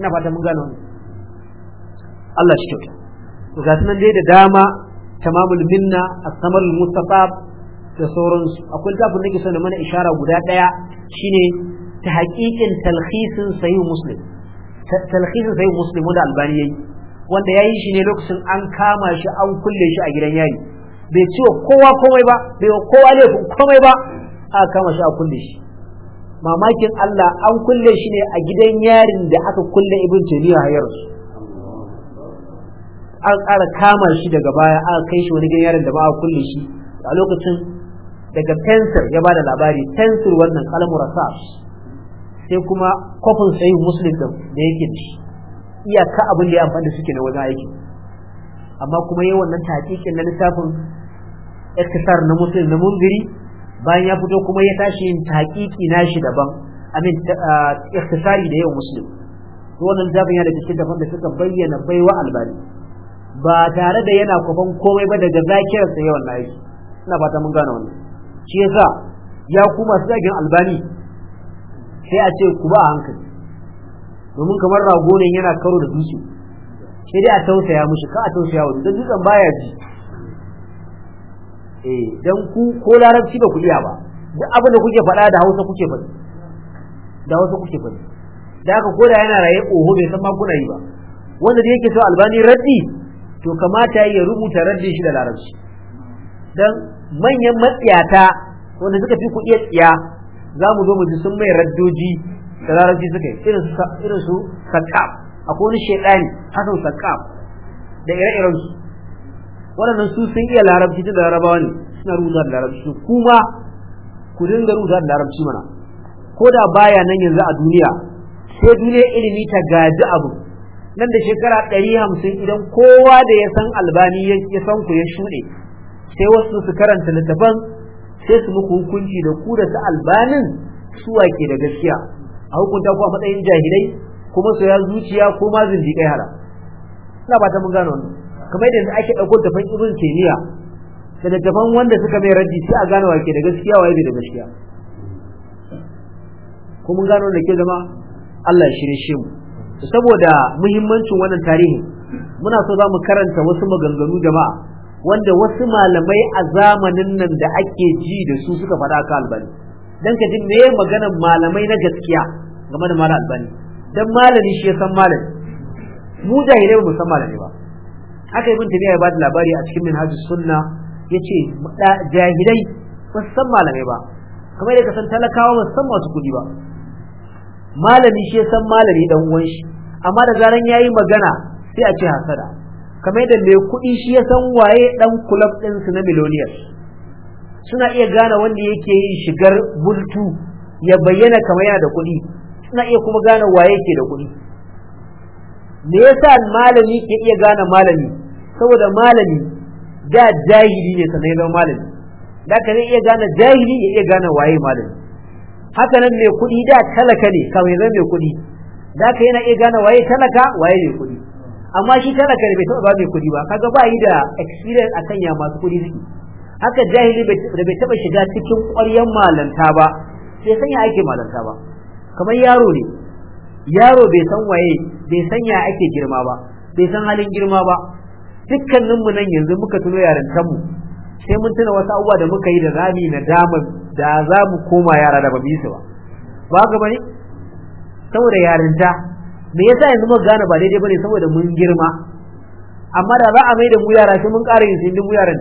ina fata mun gano Allah shi kyauta to ga sunan dai da dama tamamul minna as samal mustafab da sauransu akwai tafin nake son mana ishara guda daya shine ta haƙiƙin talhisin sayu muslim talhisin sayu muslim wanda albani yayi wanda yayi shi ne lokacin an kama shi an kulle shi a gidan yari bai ci wa kowa komai ba bai wa kowa laifin komai ba aka kama shi a kulle shi mamakin Allah an kulle shi ne a gidan yarin da aka kulle ibn tuniya hayar su an ƙara kama shi daga baya aka kai shi wani gidan yarin da ba a kulle shi a lokacin daga fensir ya ba da labari fensir wannan kalmar rasas sai kuma kofin sayin musulun da da yake da shi iyaka abin da ya amfani da suke na wajen aiki amma kuma yawan nan taƙiƙin na lissafin iktisar na musulun, na mungiri bayan ya fito kuma ya tashi yin taƙiƙi na shi daban amin iktisari da yawan muslim wannan zafin ya daga cikin daban da suka bayyana baiwa albani ba tare da yana kwafan komai ba daga zakiyarsa yawan na aiki ina fata mun gane wannan shi yasa ya kuma masu albani sai a ce ku ba hankali domin kamar rago ne yana karo da dutse sai dai a tausaya mushi ka a tausaya wa dutsen dutsen baya ji eh dan ku ko larabci ba ku iya ba duk abin da kuke faɗa da Hausa kuke faɗi da Hausa kuke faɗi da haka ko da yana raye oho bai san ma kuna yi ba wanda da yake so albani raddi to kamata ya rubuta raddi shi da larabci dan manyan matsiyata wanda suka fi ku iya tsiya za mu zo mu ji sun mai raddoji da larabci suka yi irin su sakaf akwai wani shaidani hasan sakaf da ire-iren su waɗannan su sun iya larabci da larabawa ne suna rubuta da larabci kuma ku dinga rubuta da larabci mana ko da baya nan yanzu a duniya sai duniya ilimi ta gaji abu nan da shekara ɗari hamsin idan kowa da ya san albani ya san ku ya shuɗe sai wasu su karanta littafan sai su muku hukunci da ku da ta albanin suwa ke da gaskiya a hukunta ku a matsayin jahilai kuma ya zuciya ko ma zindiƙai hara ina ba ta mun gano wannan kamar yadda ake ɗauko tafan ibn taymiya da daban wanda suka mai raddi sai a gane wake da gaskiya wa bai da gaskiya ko mun gano da ke zama Allah ya shirye shi mu saboda muhimmancin wannan tarihi muna so za mu karanta wasu maganganu jama'a wanda wasu malamai a zamanin nan da ake ji da su suka faɗa ka albani dan ka ji me maganar malamai na gaskiya game da malam albani dan malami shi ya san malami mu jahilai ba mu san malami ba haka ibn tabiya ya da labari a cikin minhajus sunna yace jahilai ba san malamai ba kamar da san talakawa ba san masu kuɗi ba malami shi ya san malami dan uwan shi amma da zaran yayi magana sai a ce hasada kamar da mai kuɗi shi ya san waye ɗan kulab ɗinsu na miloniyar suna iya gane wanda yake yin shigar bultu ya bayyana kamar yana da kuɗi suna iya kuma gane waye ke da kuɗi me yasa malami ke iya gane malami saboda malami da jahili ne sanai zama malami da ka zai iya gane jahili ya iya gane waye malami haka nan mai kuɗi da talaka ne kamar yanzu mai kuɗi da ka yana iya gane waye talaka waye mai kuɗi amma shi tana da bai taɓa ba mai kuɗi ba kaga ba yi da experience akan ya masu kuɗi suke haka jahili da bai taɓa shiga cikin ƙwaryen malanta ba sai sanya ake malanta ba kamar yaro ne yaro bai san waye bai sanya ake girma ba bai san halin girma ba dukkaninmu nan yanzu muka tuno yarintanmu sai mun tuna wasu abubuwa da muka yi da rami na dama da za mu koma yara da ba ba ba ga bane saboda yarinta me yasa yanzu muka gane ba daidai bane saboda mun girma amma da za a mai da mu yara sai mun ƙara yin sai mu yaran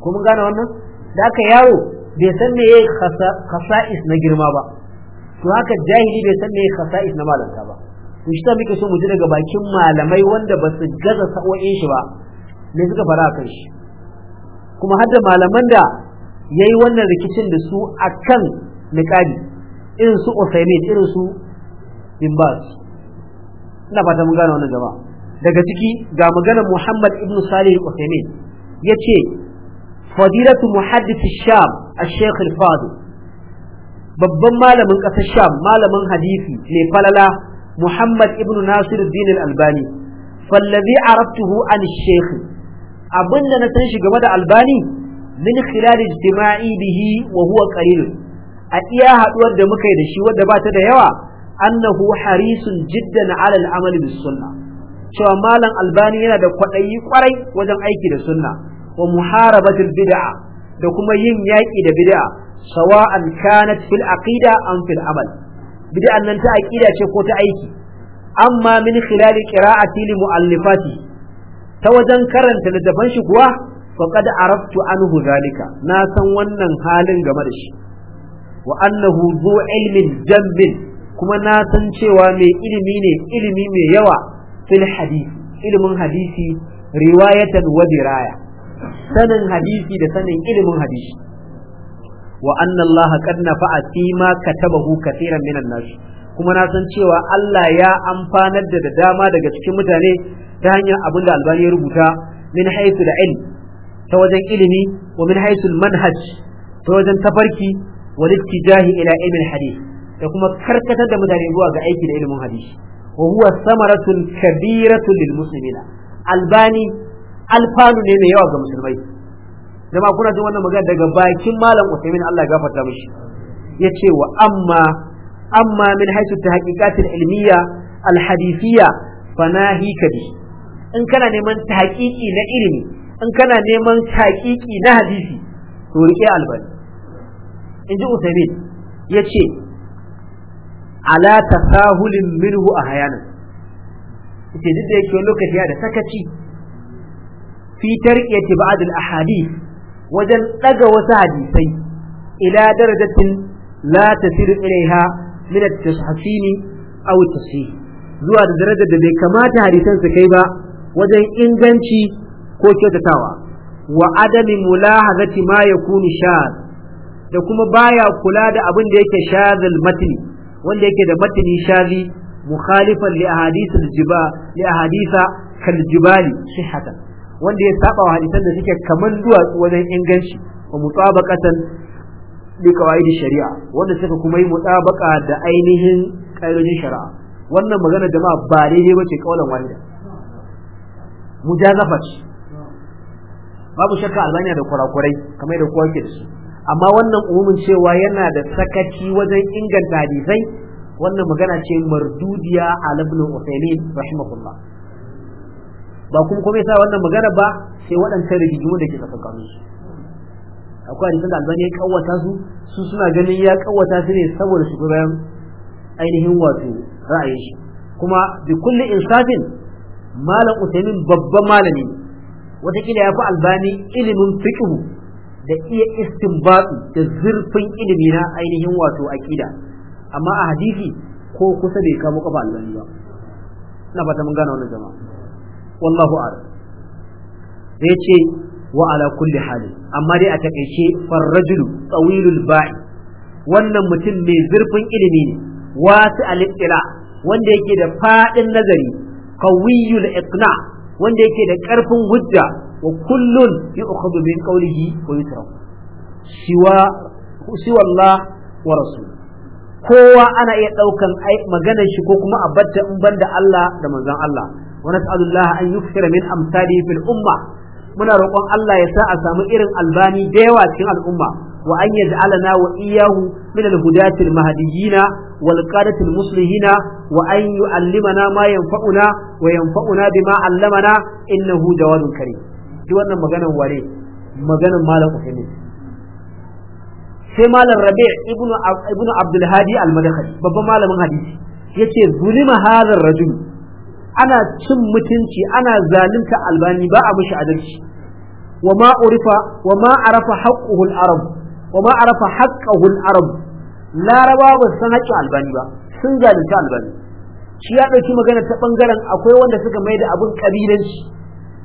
ko mun gane wannan da aka yaro bai san me khasa'is na girma ba to haka jahili bai san me khasa'is na malanta ba to shi ta muke so mu ji daga bakin malamai wanda ba su gaza sa'o'in shi ba me suka fara kan shi kuma hadda malaman da yayi wannan rikicin da su akan niqabi irin su Usaimin irin su bin Baz ina fata mun gane wannan jama'a daga ciki ga maganar Muhammad ibn Salih al ya ce, fadilatu muhaddith sham a sheikh al-Fadil babban malamin ƙasar Sham malamin hadisi ne falala Muhammad ibn Nasir din albani fallabi araftuhu an ash-Sheikh abinda na san shi game da Albani min khilal ijtima'i bihi wa huwa qalil a iya haɗuwar da muka yi da shi wadda ba ta da yawa annahu harisun jiddan ala al-amal bis sunna cewa malam albani yana da kwadayi kwarai wajen aiki da sunna wa muharabatil bid'a da kuma yin yaki da bid'a sawa'an kanat fil aqida am fil amal bid'an nan ta aqida ce ko ta aiki amma min khilal qira'ati li mu'allifati ta wajen karanta littafan shi kuwa faqad araftu anhu zalika na san wannan halin game da shi wa annahu zu ilmin jambin kuma na san cewa mai ilimi ne ilimi mai yawa fil hadisi ilimin hadisi riwayatan wa diraya sanin hadisi da sanin ilimin hadisi wa anna Allah qad nafa'a fi ma katabahu katiran minan nas kuma na san cewa Allah ya amfanar da dama daga cikin mutane ta hanyar abin da albani ya rubuta min haythu al ta wajen ilimi wa min haythu al-manhaj ta wajen tafarki wa littijahi ila ilmin hadisi. da kuma karkatar da mutane zuwa ga aiki da ilimin hadisi wa huwa samaratun kabiratun lil muslimina albani alfanu ne mai yawa ga musulmai dama kuna jin wannan magana daga bakin malam Usaimin Allah ya gafarta mishi yace wa amma amma min haisu tahqiqatil ilmiya alhadithiyya fanahi kabi in kana neman tahqiqi na ilimi in kana neman tahqiqi na hadisi to rike albani inji Usaimin yace ala tasahulin minhu a hayanan yace duk da yake wani lokaci ya da sakaci fitar tarqiyati ba'd al ahadith wajen ɗaga wasu hadisai ila darajatin la tasiru ilaiha min at tashhasini aw tasih zuwa da darajar da bai kamata hadisan su kai ba wajen inganci ko kyautatawa wa adami mulahazati ma yakunu shadh da kuma baya kula da abin da yake shadhal matni wanda yake da matni shazi mukhalifan li ahadith al li ahaditha kal jibali sihhatan wanda ya saba wa hadisan da suke kamar duwatsu wajen inganci wa mutabaqatan bi qawaid shari'a wanda suka kuma yi mutabaqa da ainihin kaidojin shari'a wannan magana jama'a ba daidai bace kaulan wanda mujazafa babu shakka albaniya da kurakurai kamar da kowa da su amma wannan umumin cewa yana da sakaci wajen inganta hadisai wannan magana ce mardudiya a ibn Uthaymeen rahimahullah ba kuma kuma yasa wannan magana ba sai waɗancan rigimu da ke tsakanin su akwai hadisan da albani ya kawata su su suna ganin ya kawata su ne saboda su bayan ainihin wato ra'ayin shi kuma bi kulli insafin malam Uthaymeen babban malami wataƙila ya fi albani ilimin fiƙihu. da iya istinbatu da zurfin ilimi na ainihin wato akida amma a hadisi ko kusa bai kamo kafa Allah ba ina fata mun gane wannan jama'a wallahu a'lam zai ce wa ala kulli hali amma dai a takaice farrajulu tawilul ba'i wannan mutum mai zurfin ilimi ne wasu al-ittila wanda yake da fadin nazari qawiyul iqna wanda yake da karfin hujja وكل يؤخذ من قوله ويترك سوى سوى الله ورسوله kowa ana iya ɗaukar maganar shi ko kuma abatta in banda Allah da manzon Allah wa nas'alullah an yukthira min amsali fil umma muna roƙon Allah ya sa a samu irin albani da yawa cikin al'umma wa an yaj'alana wa iyyahu min al-hudatil mahdiyina wal qadatil muslihina wa an yu'allimana ma yanfa'una wa yanfa'una bima 'allamana innahu jawadun karim duk wannan maganan ware maganan malam usaimin sai malam rabi ibnu ibnu abdul hadi al madakhali babban malamin hadisi yace zulima hadha rajul ana cin mutunci ana zalunta albani ba a mishi adalci wa ma urifa wa ma arafa haqquhu al arab wa ma arafa haqquhu al arab laraba ba san haƙƙin albani ba sun zalunta albani shi ya ɗauki magana ta ɓangaren akwai wanda suka mai da abin ƙabilanci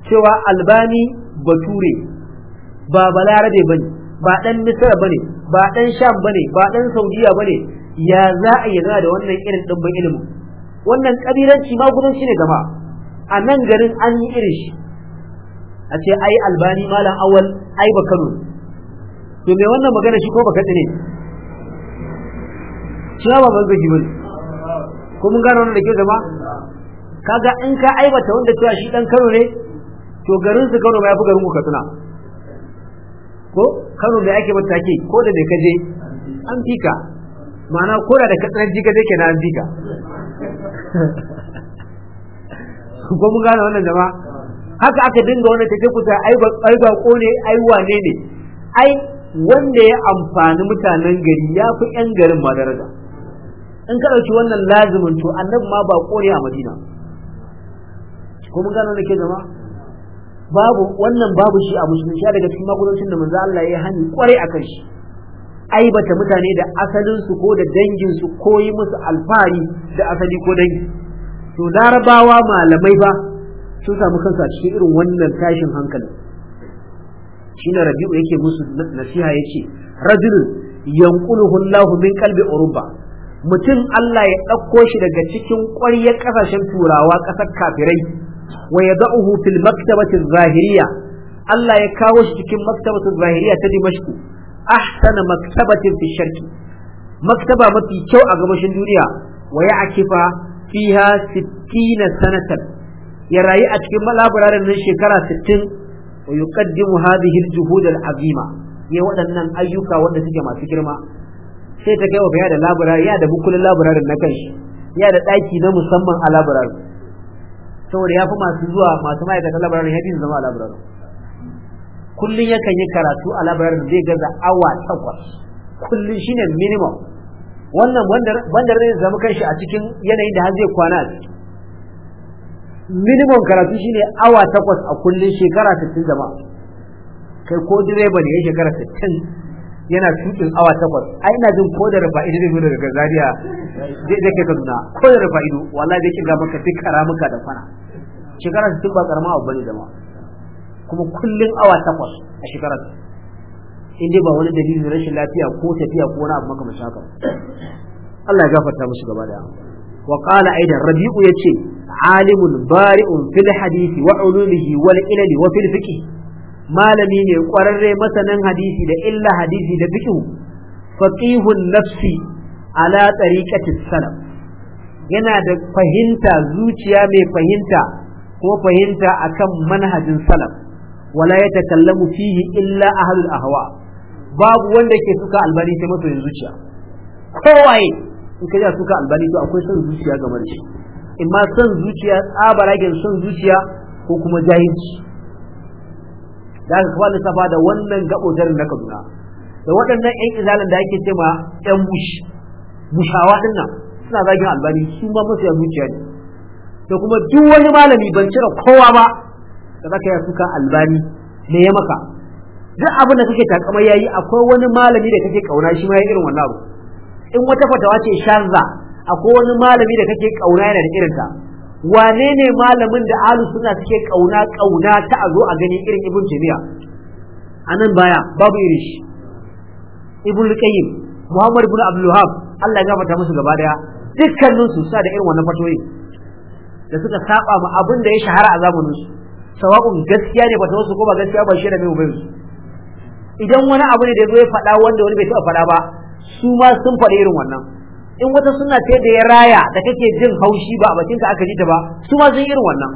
cewa albani bature ba balarabe bane ba dan misra bane ba ɗan sham ba ne, ba dan saudiya ne, ya za a yi da wannan irin dimbin ilimin wannan ƙabilanci ma gudun shi ne gaba a nan garin an yi irin shi a ce ai albani malam awal ai ba kano to me wannan magana shi ko baka ne shi ba ban zagi bane ko mun gano wannan da ke zama kaga in ka aibata wanda cewa shi dan Kano ne to garin su Kano ma fi garin kuka Katsina ko Kano da ake mataki, ko da bai kaje an fika ma'ana ko da jika dai ke na an fika ko mun gane wannan jama'a haka aka dinga wannan take kuta ai ba ai ba kone ai wane ne ai wanda ya amfani mutanen gari ya fi 'yan garin ma daraja in ka ɗauki wannan lazimin to annabi ma ba ne a madina ko mun gano ke jama'a babu wannan babu shi a musulunci ya daga cikin magudancin da manzo Allah ya hani kwarai akan shi bata mutane da asalin su ko da dangin su ko yi musu alfahari da asali ko dangi to larabawa malamai ba sun samu kansu a cikin irin wannan tashin hankalin na rabi'u yake musu nasiha yace rajul yanquluhu Allah min qalbi uruba mutum Allah ya ɗauko shi daga cikin ƙwaryar ƙasashen turawa ƙasar kafirai wa ya yada'uhu fil maktabati zahiriya Allah ya kawo shi cikin maktabatu zahiriya ta Dimashku ahsana maktabatin fi sharqi maktaba mafi kyau a gabashin duniya wa ya akifa fiha 60 sanatan ya rayu a cikin labararin nan shekara sittin? wa yuqaddimu hadhihi al-juhud al-azima ya waɗannan ayyuka wanda suke masu girma sai ta kai wa da labarari ya na kanshi ya da ɗaki na musamman a labararin saboda ya fi masu zuwa masu ma'aikatan labararin ya fi su zama a labararin kullum kan yi karatu a labararin zai gaza awa takwas kullum shine minimum wannan bandar zai zama kanshi a cikin yanayin da har zai kwana minimum karatu shine awa takwas a kullum shekara 60 zama kai ko direba ne ya shekara 60 yana shuɗin awa takwas ai ina jin ko da rufa ido zai daga Zariya zai zai kai kaduna ko da rufa ido wallahi zai kinga maka duk karamuka da kwana shekara tun ba karama abu bane jama'a kuma kullun awa takwas a shekara su inda ba wani dalilin rashin lafiya ko tafiya ko wani abu maka haka Allah ya gafarta musu gaba da wa qala aidan rabi'u yace alimul bari'un fil hadisi wa ululihi wal ilali wa fil fiqh malami ne ƙwararre masanin hadisi da illa hadisi da biki faqihun nafsi ala tariqati salaf yana da fahimta zuciya mai fahimta ko fahimta akan manhajin salaf wala ya takallamu fihi illa ahlul ahwa babu wanda ke suka albani sai masoyin zuciya kowaye in ka suka albani to akwai son zuciya ga da shi ma son zuciya tsabaragen son zuciya ko kuma jahilci da aka kwa lissafa da wannan gaɓotarin na kaduna da waɗannan 'yan izalin da ake cema ɗan bush bushawa ɗin nan suna zagin albani su ma masu yanzu ciyar da kuma duk wani malami ban cire kowa ba da zaka yi suka albani me ya maka duk abin da kake takama ya yi akwai wani malami da kake kauna shi ma ya irin wannan abu in wata fatawa ce sharza akwai wani malami da kake kauna yana da irinta wane ne malamin da alu suna suke kauna kauna ta a zo a gani irin ibn jami'a a nan baya babu irin shi ibn Luqayyim, muhammad ibn abdul wahab Allah ya gafarta musu gaba daya dukkanin su sa da irin wannan fatoyi da suka saba ma abin da ya shahara a zamanin su sawabun gaskiya ne ba ta wasu ko ba gaskiya ba shi da mai ubayin idan wani abu ne da ya zo ya faɗa wanda wani bai taɓa faɗa ba su ma sun faɗi irin wannan in wata suna ce da ya raya da kake jin haushi ba a bakinka aka ji ta ba su ma sun irin wannan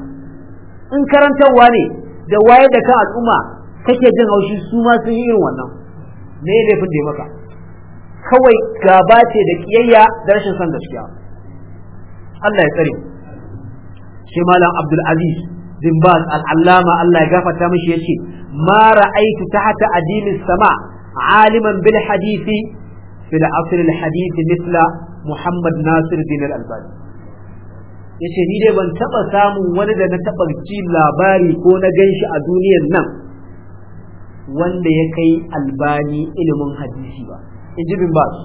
in karantarwa ne da waye da kan al'umma kake jin haushi su ma sun yi irin wannan me ne laifin da maka kawai gaba ce da kiyayya da rashin san gaskiya Allah ya tsare shi malam Abdul Aziz bin Baz al-Allama Allah ya gafarta mishi yace ma ra'aytu tahta adimis sama aliman bil hadisi في العصر الحديث مثل محمد ناصر الدين الألباني yace ni dai ban taba samun wani da na taba ji labari ko na ganshi a duniyar nan wanda ya kai albani ilimin hadisi ba in ji bin bas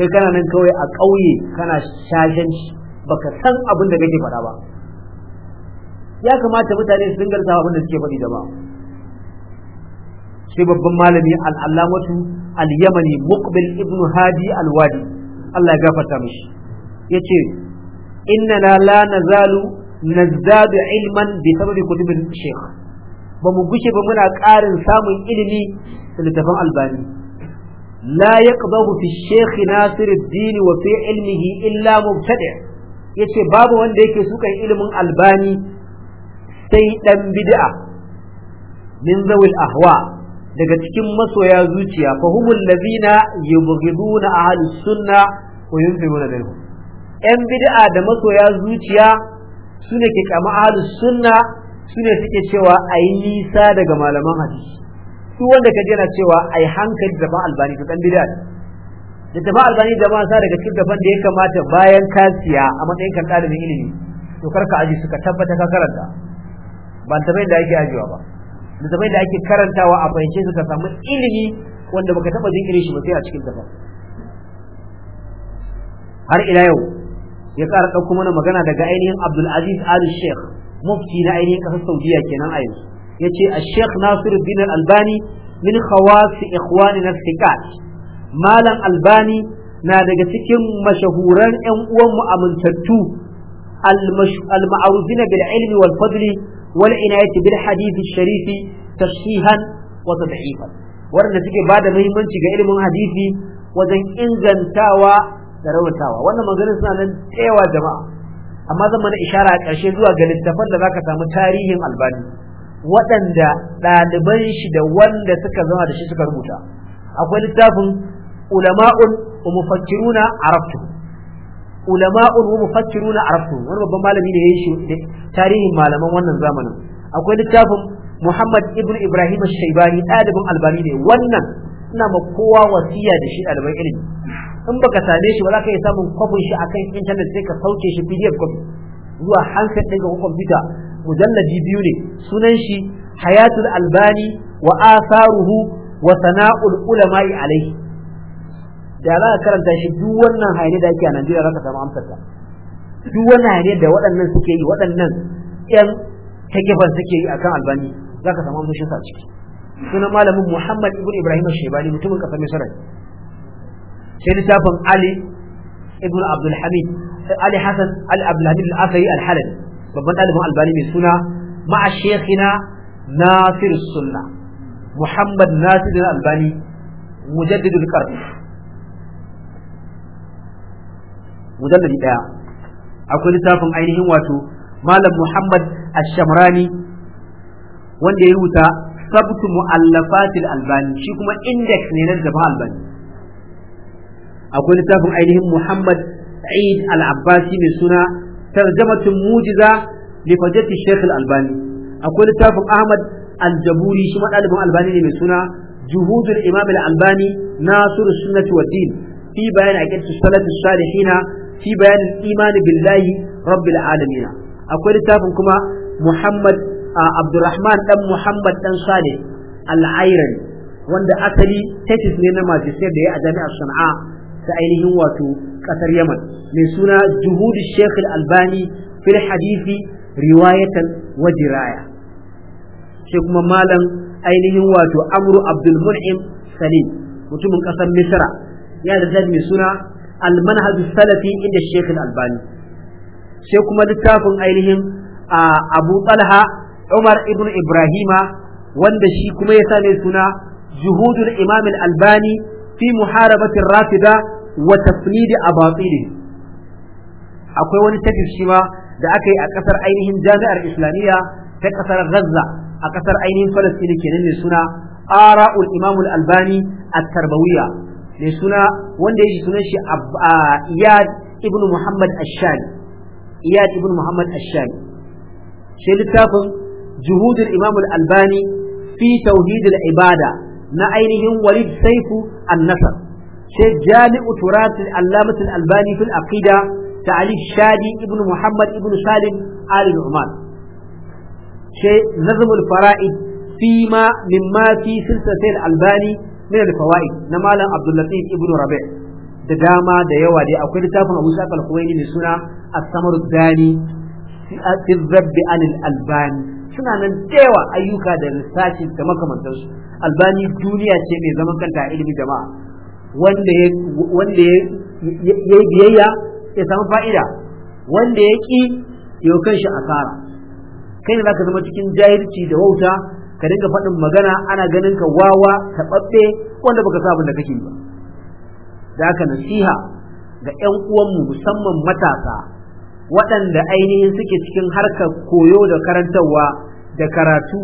kai kana nan kawai a ƙauye kana shashanci baka san abin da kake faɗa ba ya kamata mutane su dinga abin da suke faɗi da ba. sai babban malami al'allamatu al-yamani muqbil ibn hadi al-wadi Allah ya gafarta mishi yace inna la nazalu nazdadu ilman bi sababi kutubil shaykh ba mu gushe ba muna ƙarin samun ilimi da littafin albani la yaqdahu fi shaykh nasiruddin wa fi ilmihi illa mubtadi yace babu wanda yake sukan ilimin albani sai dan bid'a min zawil ahwa' daga cikin masoya zuciya fa humul ladina yubghiduna ahlus sunna wa yunfiruna minhu yan bid'a da masoya zuciya sune ke kama ahlus sunna sune suke cewa ayi nisa daga malaman hadisi Su wanda kaje yana cewa ai hankali da ba albani to dan bid'a da ba albani da ba sa daga cikin gaban da ya kamata bayan kasiya a matsayin kan ɗalibin ilimi to karka aji suka tabbata ka karanta ban tabbata da yake ajiwa ba littafai da ake karantawa a fahimce suka samu ilimi wanda baka taba jin irin shi ba sai a cikin dafa har ila yau ya kara ɗauko mana magana daga ainihin Abdul Aziz Ali Sheikh mufti na ainihin ƙasar Saudiya kenan a yanzu yace Sheikh al Albani min khawas na Sikat. malam Albani na daga cikin mashahuran ƴan uwan amintattu al-ma'ruzina bil ilmi wal fadli والعناية بالحديث الشريف تصحيحا وتضعيفا waɗanda suke ba da muhimmanci ga ilimin hadisi wajen ingantawa da rawatawa. wannan maganin suna nan tsewa jama'a amma zama na ishara a ƙarshe zuwa ga littafan da zaka samu tarihin albani waɗanda ɗaliban shi da wanda suka zama da shi suka rubuta akwai littafin ulama'un wa mufakkiruna arabtu ulama'un wa mufakkiruna arabtu wani babban malami ne yayin shi tarihin malaman wannan zamanin akwai littafin Muhammad ibn Ibrahim al-Shaybani ɗalibin albani ne wannan ina ma kowa wasiya da shi ɗaliban ilimi in baka same shi ba za ka iya samun kwafin shi akan intanet sai ka sauke shi PDF kwafi. zuwa handset ɗin ga kwamfuta mujallaji biyu ne sunan shi hayatul albani wa asaruhu wa sana'ul ulama'i alaihi da za ka karanta shi duk wannan hayani da ake a Najeriya za ka samu amsar ta duk wannan hayani da waɗannan suke yi waɗannan ƴan takifan suke yi akan albani za ka samu amsoshin sa ciki sunan malamin Muhammad ibn Ibrahim Shebani mutumin kasar Misr sai littafin Ali ibn Abdul Hamid Ali Hassan Ali Abdul Hamid al-Asari al-Halabi babban ɗalibin albani mai suna ma'a shekina Nasir Sunna Muhammad Nasir al-Albani mujaddidul qarni mujalladi daya akwai littafin ainihin wato malam muhammad Ash-shamrani wanda ya rubuta sabtu mu'allafatil albani shi kuma index ne na gaba albani akwai littafin ainihin muhammad eid al-abbasi mai suna tarjamatun mujiza lifajati sheikh al-albani akwai littafin ahmad al-jaburi shi ma ɗalibin albani ne mai suna juhudul imam al-albani nasiru sunnati wa din fi bayani aqidatu salatu salihina fi bayanin imani billahi rabbil akwai littafin kuma Muhammad Abdurrahman dan Muhammad dan Saleh al-Ayran wanda asali tesis ne na masu sayar da ya a jami'ar Sana'a ta ainihin wato kasar Yaman mai suna juhudi Sheikh albani fil hadisi riwayatan wa diraya sai kuma malam ainihin wato Amru Abdul Mun'im Salim mutumin kasar Misra ya da mai suna al-manhaj salafi inda Sheikh albani sai littafin ainihin Abu Talha Umar ibn Ibrahima wanda shi kuma ya same suna Juhudul Imam albani fi wata rafida a tafnid ne. akwai wani tafsir shi da aka yi a ƙasar ainihin Jami'ar Islamiyya ta ƙasar Gaza a ƙasar ainihin Palestine kenan ne suna Ara'ul imamul albani at-Tarbawiyya mai suna wanda yake sunan shi Iyad ibn Muhammad ash Iyad ibn Muhammad ash sai littafin Juhudul Imam Al-Albani fi Tauhid al-Ibada na ainihin Walid Saifu an nasar. sai Jami'u Turat al Al-Albani fil Aqida ta'alif Shadi ibn Muhammad ibn Salim Al-Nu'man sai nazmul faraid fi ma mimma fi silsilatil Albani min al-fawaid na malam Abdul Latif ibn Rabi' da dama da yawa dai akwai littafin Abu Sa'id al-Khuwaini mai suna As-Samaru Dani fi Rabbi al-Albani suna nan da yawa ayyuka da research da makamantansu Albani duniya ce mai zaman kanta a ilimin jama'a wanda ya wanda ya biyayya ya samu fa'ida wanda ya ki yau kan shi asara kai ne zaka zama cikin jahilci da wauta ka dinga faɗin magana ana ganin ka wawa taɓaɓɓe wanda baka sa abin da kake ba da haka nasiha ga 'yan uwanmu musamman matasa waɗanda ainihin suke cikin harkar koyo da karantarwa da karatu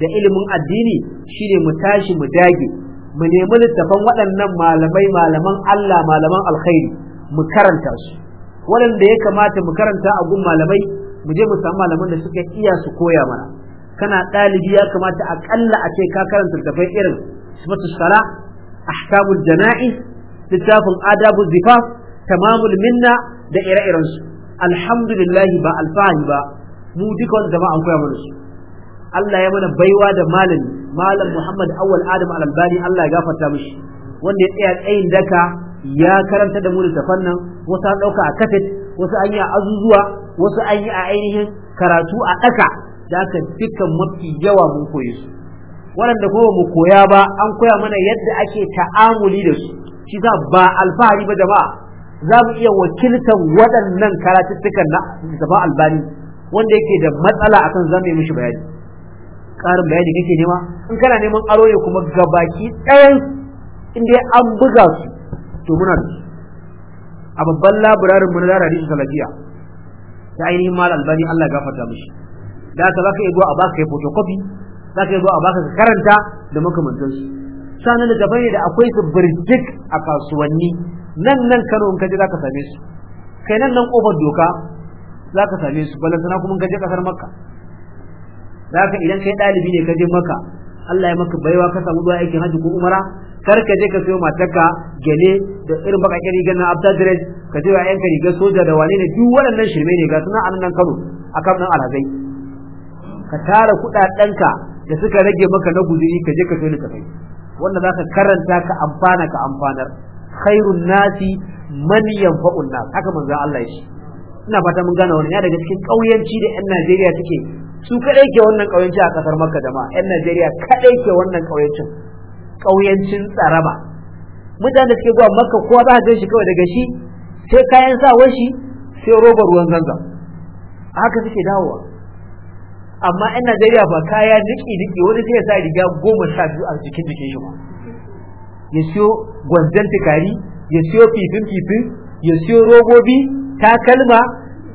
da ilimin addini shine mu tashi mu dage mu nemi littafan waɗannan malamai malaman Allah malaman alkhairi mu karanta su waɗanda ya kamata mu karanta a gun malamai mu je mu samu malaman da suka iya su koya mana kana ɗalibi ya kamata aƙalla a ce ka karanta littafai irin sifatu sala ahkamul jana'i littafin adabu zifaf tamamul minna da ire-irensu alhamdulillah ba alfahari ba mu duka wanda jama'a an koya mana su Allah ya mana baiwa da malami malam Muhammad Awwal Adam Al-Albani Allah ya gafarta mishi wanda ya tsaya tsayin daka ya karanta da mu littafan nan wasu an ɗauka a kafet wasu an yi a azuzuwa wasu an yi a ainihin karatu a ɗaka da haka dukkan mafi yawa mun koyi su waɗanda kuma mu koya ba an koya mana yadda ake ta'amuli da su shi za ba alfahari ba jama'a za mu iya wakiltar waɗannan karatuttukan na zama albani wanda yake da matsala a akan zama yi mishi bayani ƙarin bayani kake nema in kana neman aro ne kuma gabaki ɗayan in dai an buga su to muna da su a babban labirarin mu na lara su salafiya ta ainihin mal albani Allah ya gafarta mishi da haka baka iya a baka kai photocopy zaka iya zuwa a baka ka karanta da makamantan su sanan da ne da akwai su birjik a kasuwanni nan nan Kano in ka je zaka same su kai nan nan kofar doka zaka same su sana kuma in ka je kasar Makka zaka idan kai dalibi ne ka je Makka Allah ya maka baiwa ka samu zuwa aikin haji ko umara kar ka je ka sayo matarka gele da irin baka rigar na after dress ka je wa yanka rigar soja da wane ne duk waɗannan shirme ne ga suna anan nan Kano akan nan alhazai ka tara ka da suka rage maka na guzuri ka je ka ka littafai wanda za ka karanta ka amfana ka amfanar khairun nasi man yanfa'un nas haka manzon Allah ya ina fata mun gane wannan ya daga cikin kauyanci da yan Najeriya suke su kadai ke wannan kauyanci a kasar Makka jama'a yan Najeriya kadai ke wannan kauyancin kauyancin tsaraba mutanen da suke zuwa Makka kowa za ka shi kawai daga shi sai kayan sa washi sai robar ruwan zanzam haka suke dawowa amma yan Najeriya ba kaya niki niki wani sai ya sa riga goma sha biyu a jikin jikin shi ya siyo gwanzan tikari ya siyo fifin fifin ya siyo robobi takalma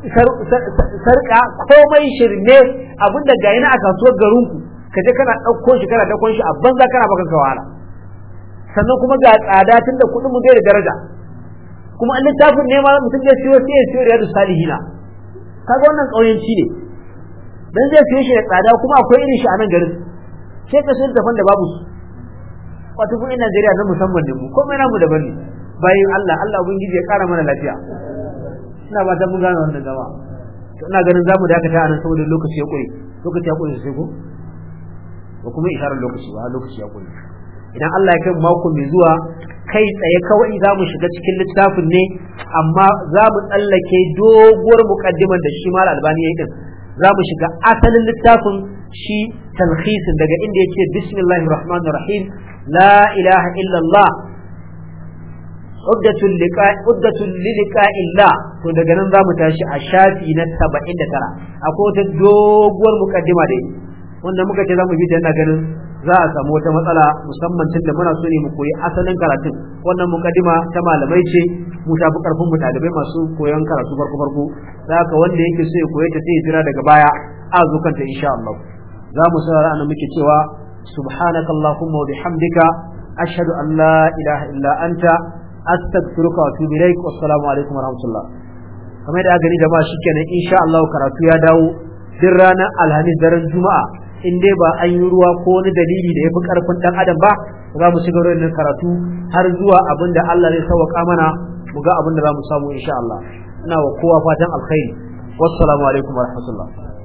sarƙa, komai shirme abinda ga yana a kasuwar ku. ka je kana ɗauko shi kana ɗaukon shi a banza kana baka ka sannan kuma ga tsada tun da kuɗin mu bai da daraja kuma an littafin ne ma mutum ya siyo sai ya siyo riyadu salihina kaga wannan ƙauyenci ne dan zai siye shi da tsada kuma akwai irin shi a nan garin sai ka sayar da babu su wato kun ina Najeriya na musamman ne mu komai namu daban ne bayan Allah Allah ubangiji ya kara mana lafiya ina ba ta mun gano wannan gaba to ina ganin zamu dakata nan saboda lokaci ya kure lokaci ya kure sai ko ko kuma isharar lokaci ba lokaci ya kure idan Allah ya kai mako mai zuwa kai tsaye kawai za mu shiga cikin littafin ne amma za mu tsallake doguwar mukaddimar da shi mal albani ya yi din za mu shiga asalin littafin shi talhisin daga inda yace bismillahir rahmanir rahim la ilaha illallah uddatul liqa'i uddatul liqa'illah to daga nan za mu tashi a shafi na 79 akwai wata doguwar mukaddima da wanda muka ce za mu bi da ganin za a samu wata matsala musamman tun da muna so ne mu koyi asalin karatun wannan mukaddima ta malamai ce mu tafi karfin mu dalibai masu koyon karatu farko farko zaka wanda yake so ya koye ta sai jira daga baya a zo kanta insha Allah za mu saurara anan muke cewa allahumma wa bihamdika ashhadu an la ilaha illa anta astaghfiruka wa atubu ilaik assalamu alaikum wa rahmatullah kamar da aka gani jama'a shikenan insha Allah karatu ya dawo duk ranar alhamis daren juma'a in dai ba an yi ruwa ko wani dalili da ya fi karfin dan adam ba za mu shiga nan karatu har zuwa abin da Allah zai sauka mana mu ga abin da za mu samu insha Allah ina wa kowa fatan alkhairi wassalamu alaikum warahmatullahi